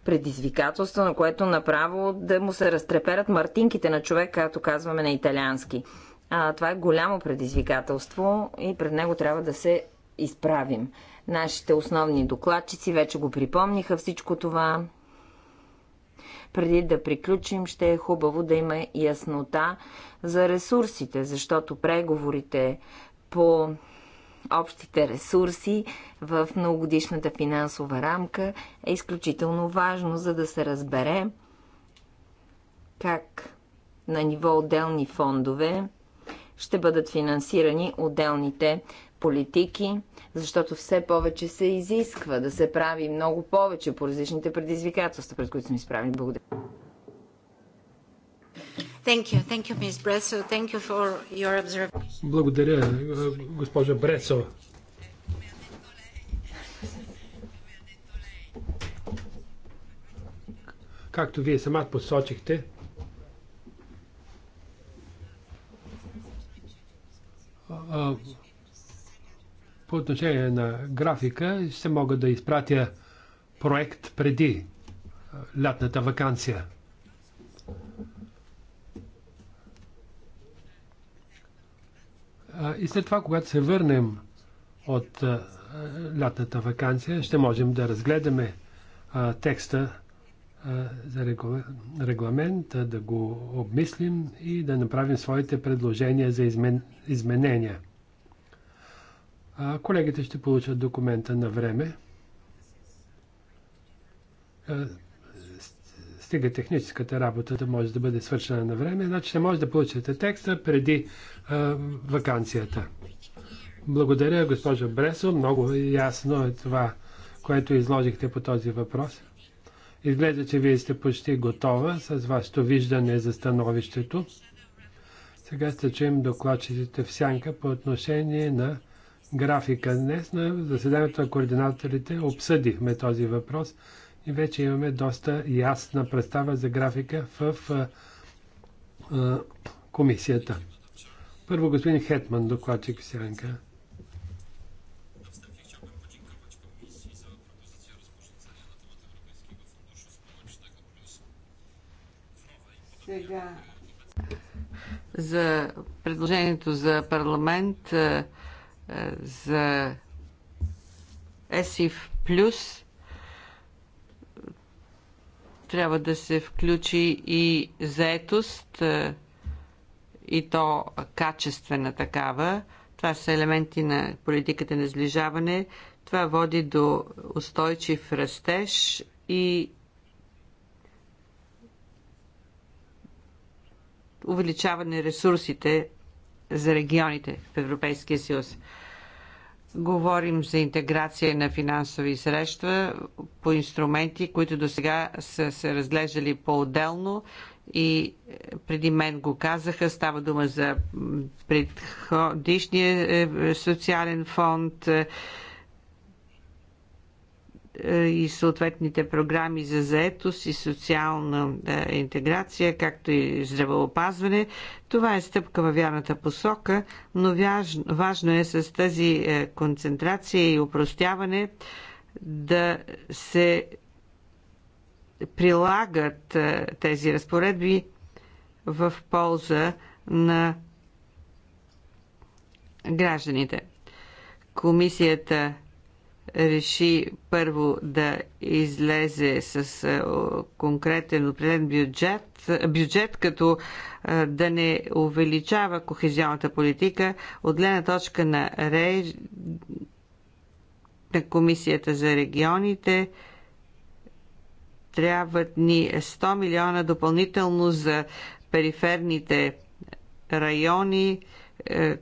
предизвикателство, на което направо да му се разтреперат мартинките на човек, както казваме на италиански. А, това е голямо предизвикателство и пред него трябва да се изправим. Нашите основни докладчици вече го припомниха всичко това. Преди да приключим, ще е хубаво да има яснота за ресурсите, защото преговорите по общите ресурси в многогодишната финансова рамка е изключително важно, за да се разбере как на ниво отделни фондове ще бъдат финансирани отделните политики, защото все повече се изисква да се прави много повече по различните предизвикателства, пред които сме изправени. Благодаря.
Благодаря, е, госпожо Бресо. Както вие сама посочихте, по отношение на графика ще мога да изпратя проект преди лятната вакансия. И след това, когато се върнем от лятната вакансия, ще можем да разгледаме текста за регламент, да го обмислим и да направим своите предложения за измен... изменения. Колегите ще получат документа на време стига техническата работа да може да бъде свършена на време, значи ще може да получите текста преди а, вакансията. Благодаря, госпожо Бресо. Много ясно е това, което изложихте по този въпрос. Изглежда, че вие сте почти готова с вашето виждане за становището. Сега ще чуем докладчиците в сянка по отношение на графика. Днес на заседанието на координаторите обсъдихме този въпрос и вече имаме доста ясна представа за графика в комисията. Първо господин Хетман, докладчик в Сянка.
за предложението за парламент за ЕСИФ Плюс трябва да се включи и заетост, е, и то качествена такава. Това са елементи на политиката на сближаване. Това води до устойчив растеж и увеличаване ресурсите за регионите в Европейския съюз. Говорим за интеграция на финансови средства по инструменти, които до сега са се разглеждали по-отделно и преди мен го казаха, става дума за предходишния е, социален фонд, е, е, и съответните програми за заетост и социална е, интеграция, както и здравеопазване. Това е стъпка във вярната посока, но важно е с тази е, концентрация и упростяване да се прилагат тези разпоредби в полза на гражданите. Комисията реши първо да излезе с конкретен определен бюджет, бюджет като да не увеличава кохезионната политика от гледна точка на, ре... на Комисията за регионите, трябват ни 100 милиона допълнително за периферните райони, е,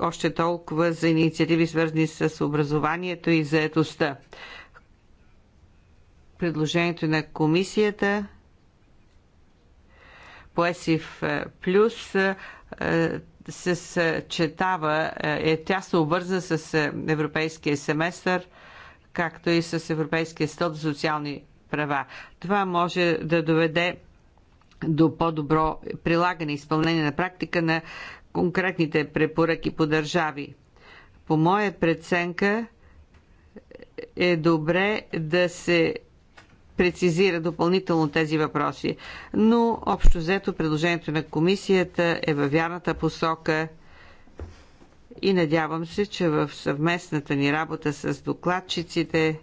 още толкова за инициативи, свързани с образованието и заетостта. Предложението на комисията Поесив е, Плюс е, се съчетава, е, е тясно обвързан с европейския семестър, както и с европейския стълб за социални права. Това може да доведе до по-добро прилагане и изпълнение на практика на конкретните препоръки по държави. По моя преценка е добре да се прецизира допълнително тези въпроси. Но общо взето предложението на комисията е във вярната посока и надявам се, че в съвместната ни работа с докладчиците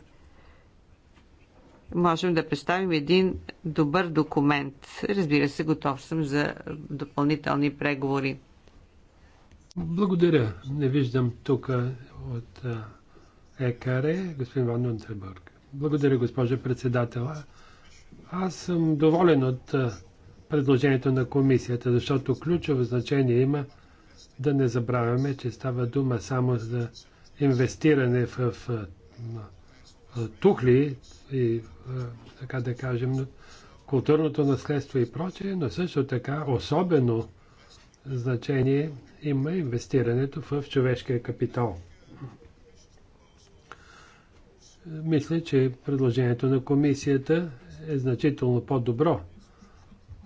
можем да представим един добър документ. Разбира се, готов съм за допълнителни преговори.
Благодаря. Не виждам тук от ЕКАРЕ господин Ван Нунтербърг. Благодаря, госпожа председател. Аз съм доволен от предложението на комисията, защото ключово значение има да не забравяме, че става дума само за инвестиране в, в, в тухли и, така да кажем, културното наследство и прочее, но също така, особено значение има инвестирането в човешкия капитал. Мисля, че предложението на комисията е значително по-добро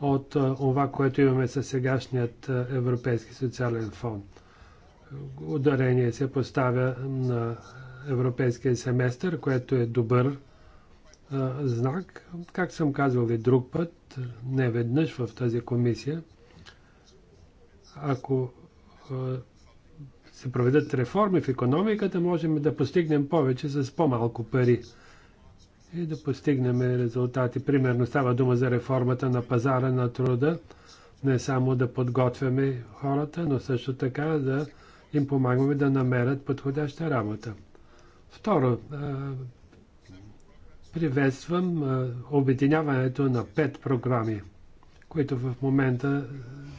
от това, което имаме със сегашният Европейски социален фонд. Ударение се поставя на европейския семестър, което е добър знак. Как съм казвал и друг път, не веднъж в тази комисия, ако се проведат реформи в економиката, можем да постигнем повече с по-малко пари и да постигнем резултати. Примерно става дума за реформата на пазара на труда, не само да подготвяме хората, но също така да им помагаме да намерят подходяща работа. Второ, приветствам обединяването на пет програми – които в момента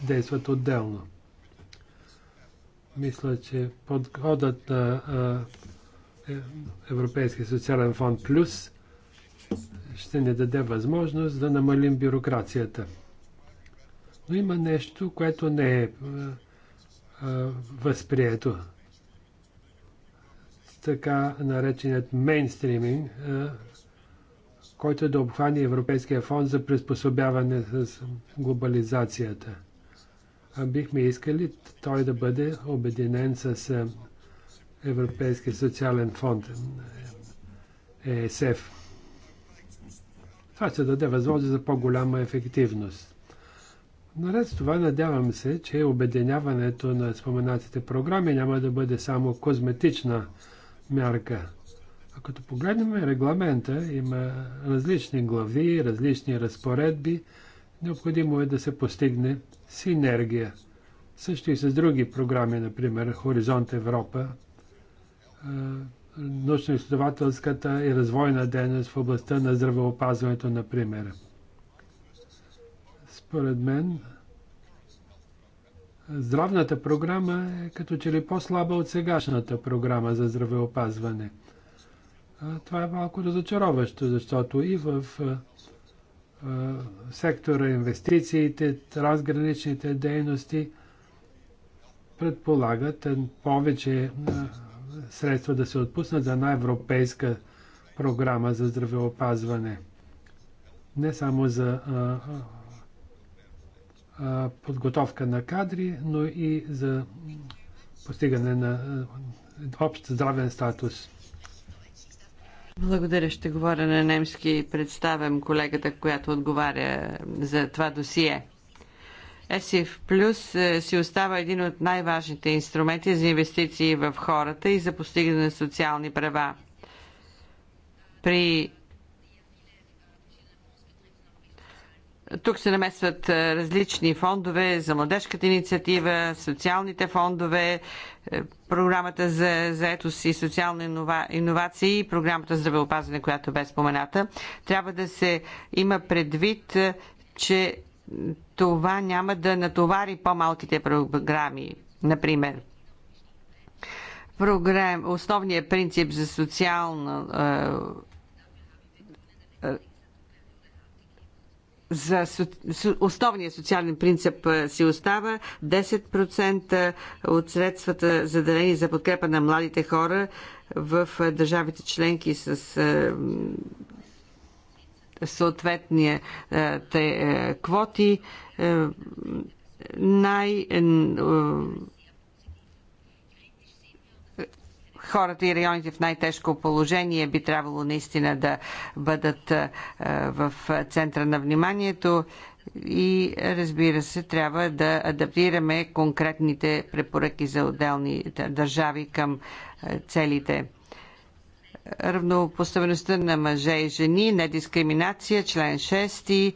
действат отделно. Мисля, че подходът на е, Европейския социален фонд Плюс ще ни даде възможност да намалим бюрокрацията. Но има нещо, което не е възприето. Така нареченият мейнстриминг който е да обхване Европейския фонд за приспособяване с глобализацията. Бихме искали той да бъде обединен с Европейския социален фонд е, ЕСФ. Това ще даде възможност за по-голяма ефективност. Наред с това надявам се, че обединяването на споменатите програми няма да бъде само козметична мярка – като погледнем регламента, има различни глави, различни разпоредби. Необходимо е да се постигне синергия. Също и с други програми, например Хоризонт Европа, научно-изследователската и развойна дейност в областта на здравеопазването, например. Според мен, здравната програма е като че ли по-слаба от сегашната програма за здравеопазване – това е малко разочароващо, защото и в сектора инвестициите, трансграничните дейности предполагат повече средства да се отпуснат за една европейска програма за здравеопазване. Не само за а, а, подготовка на кадри, но и за постигане на общ здравен статус.
Благодаря, ще говоря на немски и представям колегата, която отговаря за това досие. ЕСИФ Плюс си остава един от най-важните инструменти за инвестиции в хората и за постигане на социални права. При Тук се намесват различни фондове за младежката инициатива, социалните фондове, е, програмата за заетост и социални инова... иновации и програмата за здравеопазване, която е бе спомената. Трябва да се има предвид, е, че това няма да натовари по-малките програми, например програм, основният принцип за социална за основния социален принцип си остава 10% от средствата заделени за подкрепа на младите хора в държавите членки с съответния квоти най хората и районите в най-тежко положение би трябвало наистина да бъдат е, в центъра на вниманието и разбира се, трябва да адаптираме конкретните препоръки за отделни държави към е, целите. Равнопоставеността на мъже и жени, недискриминация, член 6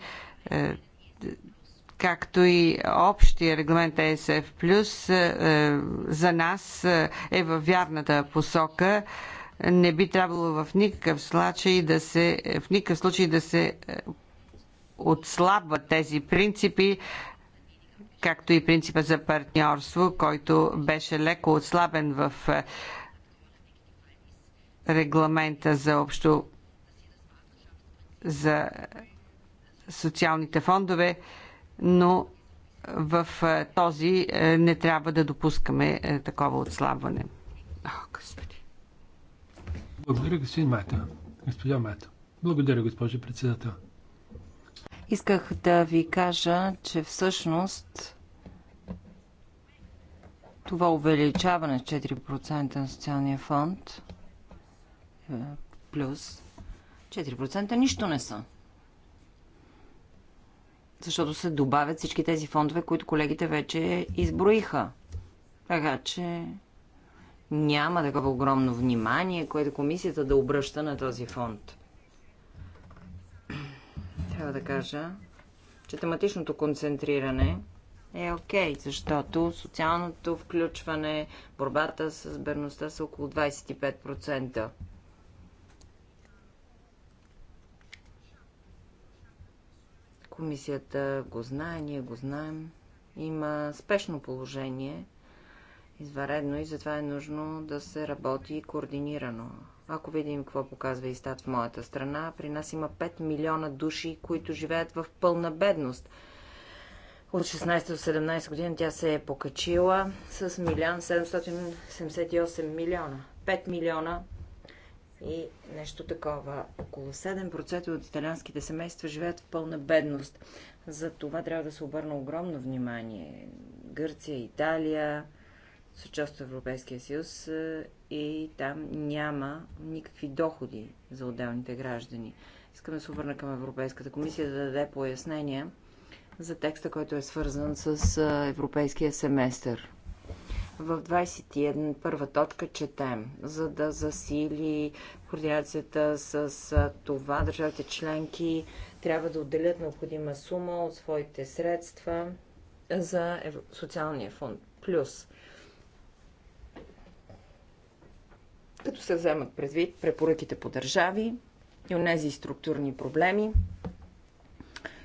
както и общия регламент ЕСФ Плюс е, за нас е, е във вярната посока. Не би трябвало в никакъв случай да се, в никакъв случай да се е, отслабват тези принципи, както и принципа за партньорство, който беше леко отслабен в регламента за общо за социалните фондове но е, в е, този е, не трябва да допускаме такова отслабване. О, Господи.
Благодаря, господин Майта. Господя Майта, Благодаря, госпожи председател.
Исках да ви кажа, че всъщност това увеличаване с 4% на социалния фонд плюс 4% нищо не са. Защото се добавят всички тези фондове, които колегите вече изброиха. Така че няма такова огромно внимание, което комисията да обръща на този фонд. Трябва да кажа, че тематичното концентриране е окей, okay, защото социалното включване, борбата с бедността са около 25%. Комисията го знае, ние го знаем. Има спешно положение, изваредно и затова е нужно да се работи координирано. Ако видим какво показва и стат в моята страна, при нас има 5 милиона души, които живеят в пълна бедност. От 16 до 17 година тя се е покачила с милион 778 милиона. 5 милиона и нещо такова. Около 7% от италианските семейства живеят в пълна бедност. За това трябва да се обърна огромно внимание. Гърция, Италия са част от Европейския съюз е, и там няма никакви доходи за отделните граждани. Искам да се обърна към Европейската комисия да даде пояснения за текста, който е свързан с е, европейския семестър. В 21 първа точка четем, за да засили координацията с това държавите членки трябва да отделят необходима сума от своите средства за социалния фонд. Плюс като се вземат предвид препоръките по държави и онези структурни проблеми,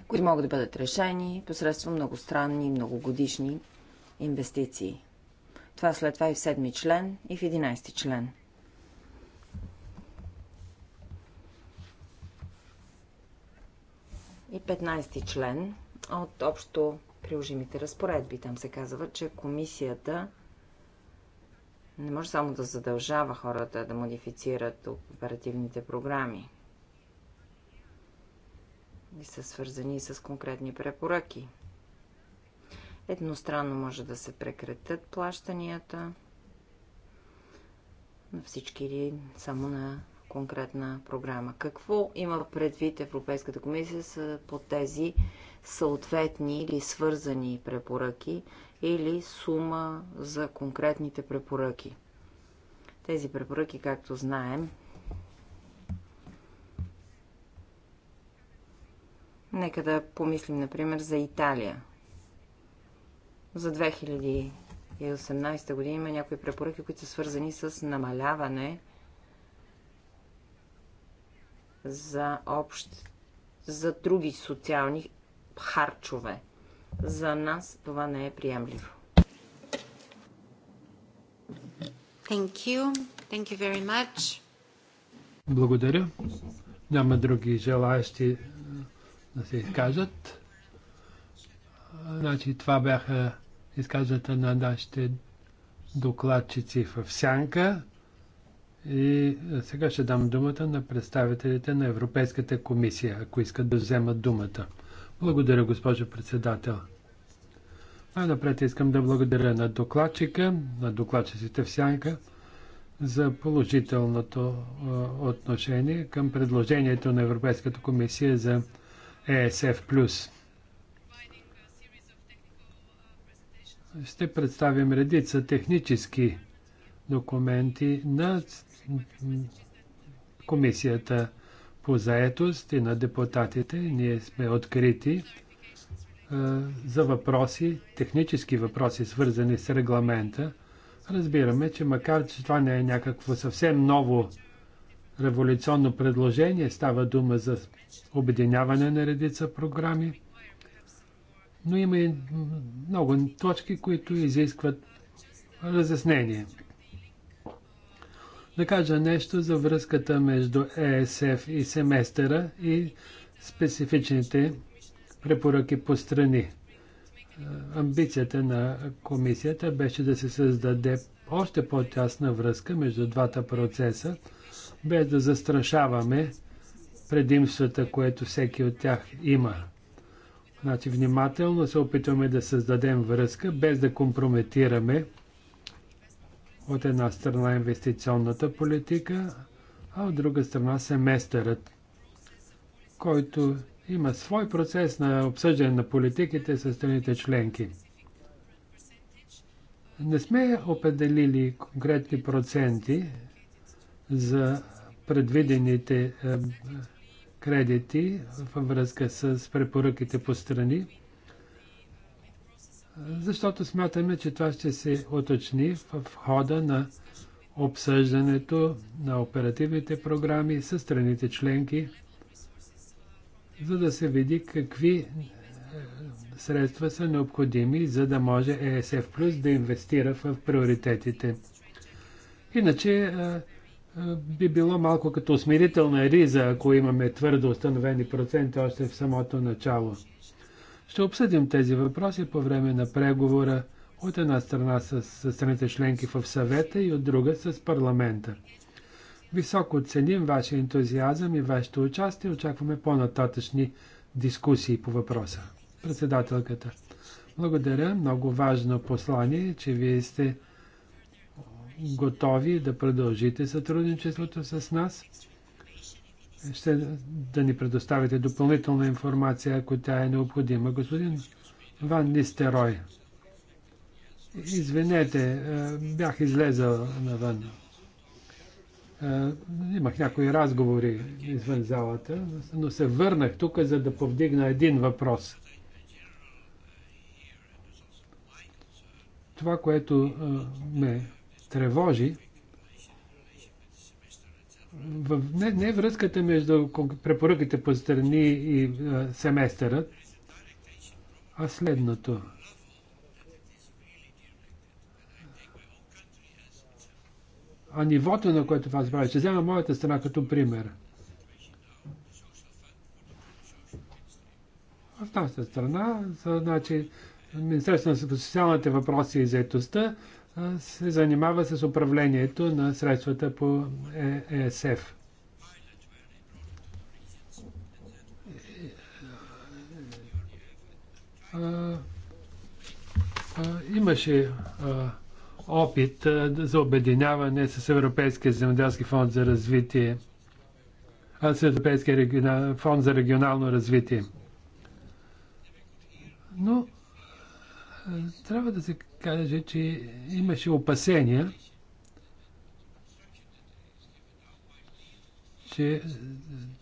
които могат да бъдат решени посредством многостранни и многогодишни инвестиции. Това след това и в седми член, и в 11 член. И 15 член от общо приложимите разпоредби. Там се казва, че комисията не може само да задължава хората да модифицират оперативните програми. И са свързани с конкретни препоръки. Едностранно може да се прекратят плащанията на всички или само на конкретна програма. Какво има предвид Европейската комисия са по тези съответни или свързани препоръки или сума за конкретните препоръки? Тези препоръки, както знаем, нека да помислим, например, за Италия за 2018 година има някои препоръки, които са свързани с намаляване за общ, за други социални харчове. За нас това не е приемливо. Thank you. Thank you very much.
Благодаря. Няма други желаящи да се изкажат. Значи това бяха изказвате на нашите докладчици в сянка. И сега ще дам думата на представителите на Европейската комисия, ако искат да вземат думата. Благодаря, госпожо председател. Най-напред искам да благодаря на докладчика, на докладчиците в сянка, за положителното отношение към предложението на Европейската комисия за ЕСФ+. ще представим редица технически документи на Комисията по заетост и на депутатите. Ние сме открити за въпроси, технически въпроси, свързани с регламента. Разбираме, че макар, че това не е някакво съвсем ново революционно предложение, става дума за обединяване на редица програми, но има и много точки, които изискват разяснение. Да кажа нещо за връзката между ЕСФ и семестъра и специфичните препоръки по страни. Амбицията на комисията беше да се създаде още по-тясна връзка между двата процеса, без да застрашаваме предимствата, което всеки от тях има. Значи внимателно се опитваме да създадем връзка, без да компрометираме от една страна инвестиционната политика, а от друга страна семестърът, който има свой процес на обсъждане на политиките с страните членки. Не сме определили конкретни проценти за предвидените е, кредити във връзка с препоръките по страни, защото смятаме, че това ще се оточни в хода на обсъждането на оперативните програми с страните членки, за да се види какви е, средства са необходими, за да може ESF е Plus да инвестира в приоритетите. Иначе е, би било малко като смирителна риза, ако имаме твърдо установени проценти още в самото начало. Ще обсъдим тези въпроси по време на преговора от една страна с, с страните членки в съвета и от друга с парламента. Високо ценим вашия ентузиазъм и вашето участие. Очакваме по-нататъчни дискусии по въпроса. Председателката. Благодаря. Много важно послание, че вие сте готови да продължите сътрудничеството с нас. Ще да ни предоставите допълнителна информация, ако тя е необходима. Господин Ван Нистерой, извинете, е, бях излезъл навън. Е, имах някои разговори извън залата, но се върнах тук, за да повдигна един въпрос. Това, което е, ме тревожи в, не, не връзката между препоръките по страни и а, семестъра, а следното. А нивото, на което това прави, ще взема моята страна като пример. В нашата страна, значи, Министерството на социалните въпроси и заетостта се занимава с управлението на средствата по ЕСФ. Е имаше опит за обединяване с Европейския земеделски фонд за развитие, с Европейския фонд за регионално развитие. Но трябва да се каже, че имаше опасения, че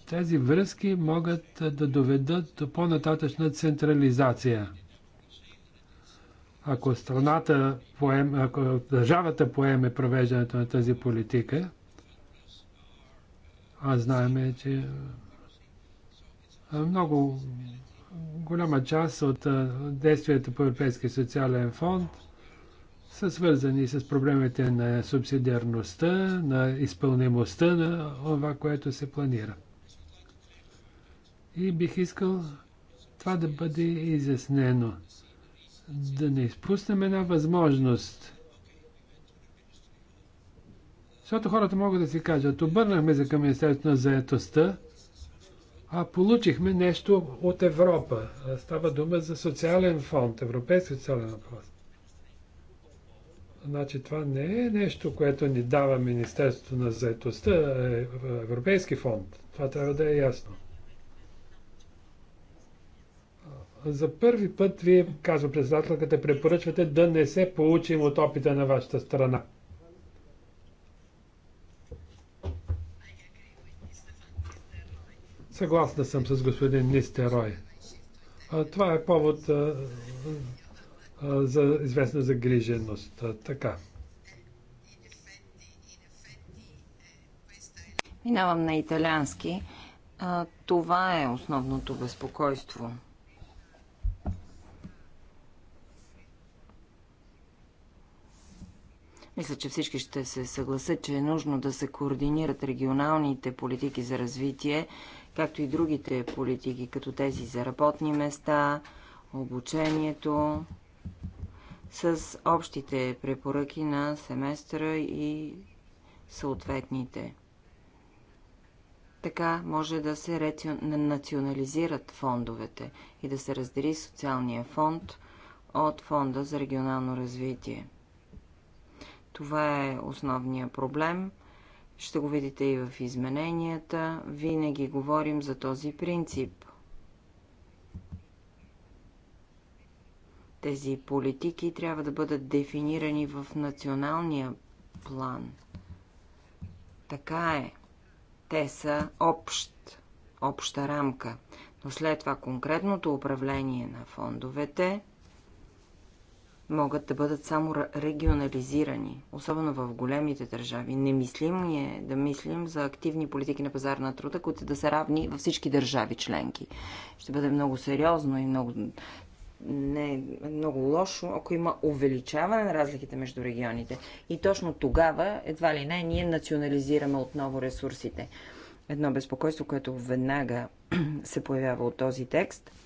тези връзки могат да доведат до по-нататъчна централизация. Ако страната поеме, ако държавата поеме провеждането на тази политика, а знаеме, че много голяма част от действията по Европейския социален фонд са свързани с проблемите на субсидиарността, на изпълнимостта на това, което се планира. И бих искал това да бъде изяснено. Да не изпуснем една възможност. Защото хората могат да си кажат, обърнахме се към Министерството на заетостта, а, получихме нещо от Европа. Става дума за социален фонд, европейски социален фонд. Значи това не е нещо, което ни дава Министерството на заедостта, е Европейски фонд. Това трябва да е ясно. За първи път вие, казва председателката, препоръчвате да не се получим от опита на вашата страна. Съгласна съм с господин Нистерой. Това е повод а, а, за известна загриженост. А, така.
Минавам на италиански. А, това е основното безпокойство. Мисля, че всички ще се съгласят, че е нужно да се координират регионалните политики за развитие както и другите политики, като тези за работни места, обучението, с общите препоръки на семестъра и съответните. Така може да се национализират фондовете и да се раздели социалния фонд от фонда за регионално развитие. Това е основният проблем – ще го видите и в измененията, винаги говорим за този принцип. Тези политики трябва да бъдат дефинирани в националния план. Така е. Те са общ, обща рамка. Но след това конкретното управление на фондовете – могат да бъдат само регионализирани, особено в големите държави. Немислимо е да мислим за активни политики на пазар на труда, които да са равни във всички държави членки. Ще бъде много сериозно и много не много лошо, ако има увеличаване на разликите между регионите. И точно тогава, едва ли не, ние национализираме отново ресурсите. Едно безпокойство, което веднага се появява от този текст –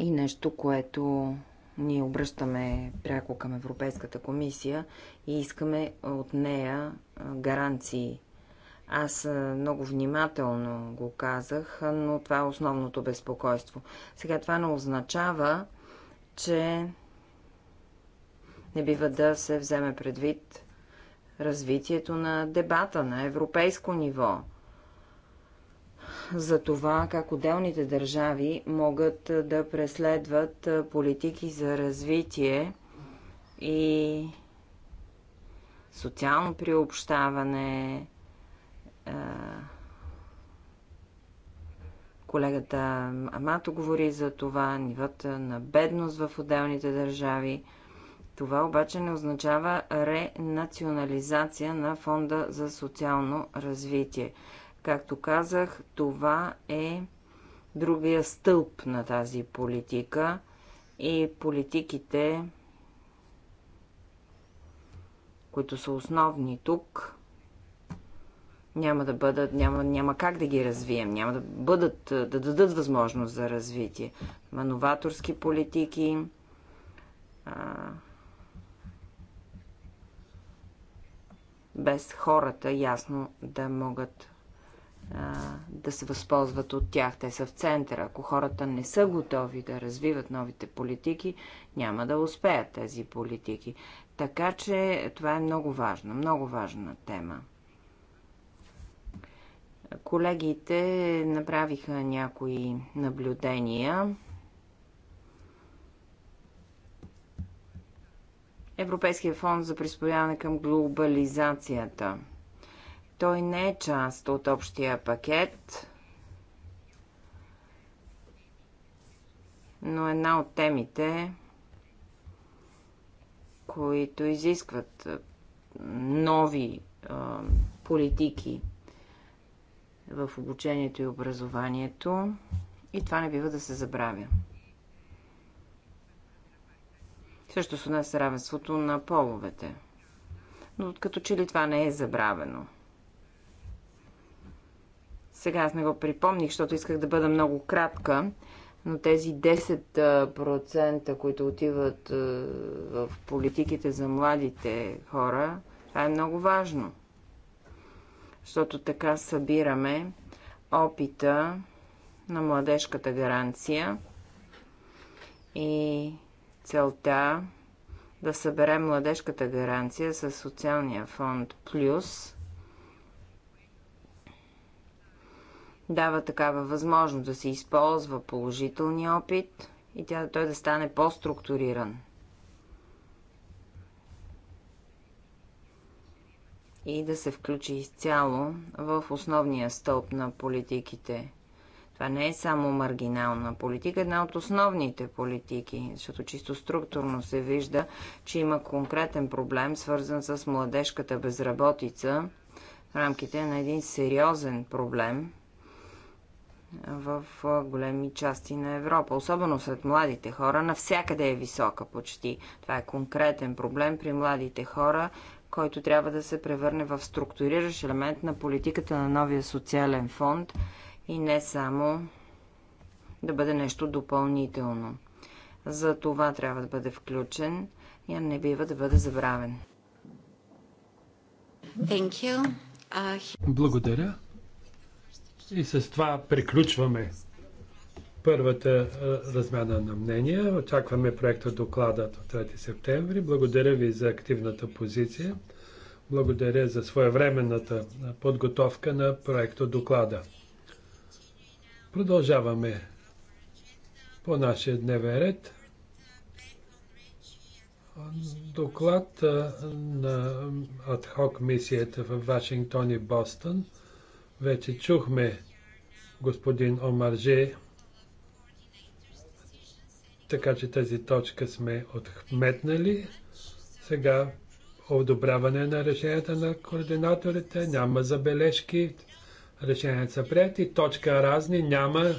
и нещо, което ние обръщаме пряко към Европейската комисия и искаме от нея гаранции. Аз много внимателно го казах, но това е основното безпокойство. Сега това не означава, че не бива да се вземе предвид развитието на дебата на европейско ниво – за това как отделните държави могат да преследват политики за развитие и социално приобщаване. Колегата Амато говори за това, нивата на бедност в отделните държави. Това обаче не означава ренационализация на Фонда за социално развитие. Както казах, това е другия стълб на тази политика и политиките, които са основни тук, няма да бъдат, няма, няма как да ги развием, няма да бъдат, да дадат възможност за развитие. Мановаторски новаторски политики, а, без хората ясно да могат да се възползват от тях. Те са в центъра. Ако хората не са готови да развиват новите политики, няма да успеят тези политики. Така че това е много важна, много важна тема. Колегите направиха някои наблюдения. Европейския фонд за приспояване към глобализацията – той не е част от общия пакет, но е една от темите, които изискват нови а, политики в обучението и образованието. И това не бива да се забравя. Също с нас равенството на половете. Но като че ли това не е забравено – сега аз не го припомних, защото исках да бъда много кратка, но тези 10%, които отиват в политиките за младите хора, това е много важно. Защото така събираме опита на младежката гаранция и целта да съберем младежката гаранция с социалния фонд плюс – дава такава възможност да се използва положителния опит и тя, той да стане по-структуриран. И да се включи изцяло в основния стълб на политиките. Това не е само маргинална политика, една от основните политики, защото чисто структурно се вижда, че има конкретен проблем, свързан с младежката безработица в рамките на един сериозен проблем – в големи части на Европа, особено сред младите хора. Навсякъде е висока почти. Това е конкретен проблем при младите хора, който трябва да се превърне в структуриращ елемент на политиката на новия социален фонд и не само да бъде нещо допълнително. За това трябва да бъде включен и не бива да бъде забравен. Uh,
Благодаря. И с това приключваме първата размяна на мнения. Очакваме проекта доклада от 3 септември. Благодаря ви за активната позиция. Благодаря за своевременната подготовка на проекта доклада. Продължаваме по нашия дневен ред. Доклад на адхок мисията в Вашингтон и Бостон – вече чухме господин Омарже, така че тази точка сме отметнали. Сега одобряване на решенията на координаторите, няма забележки, решенията са прияти, точка разни, няма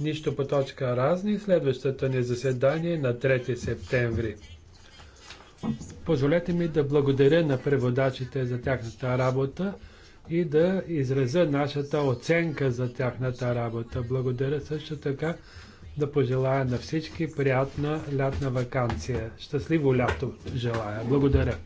нищо по точка разни. Следващото ни заседание е на 3 септември. Позволете ми да благодаря на преводачите за тяхната работа и да изразя нашата оценка за тяхната работа. Благодаря също така да пожелая на всички приятна лятна вакансия. Щастливо лято желая. Благодаря.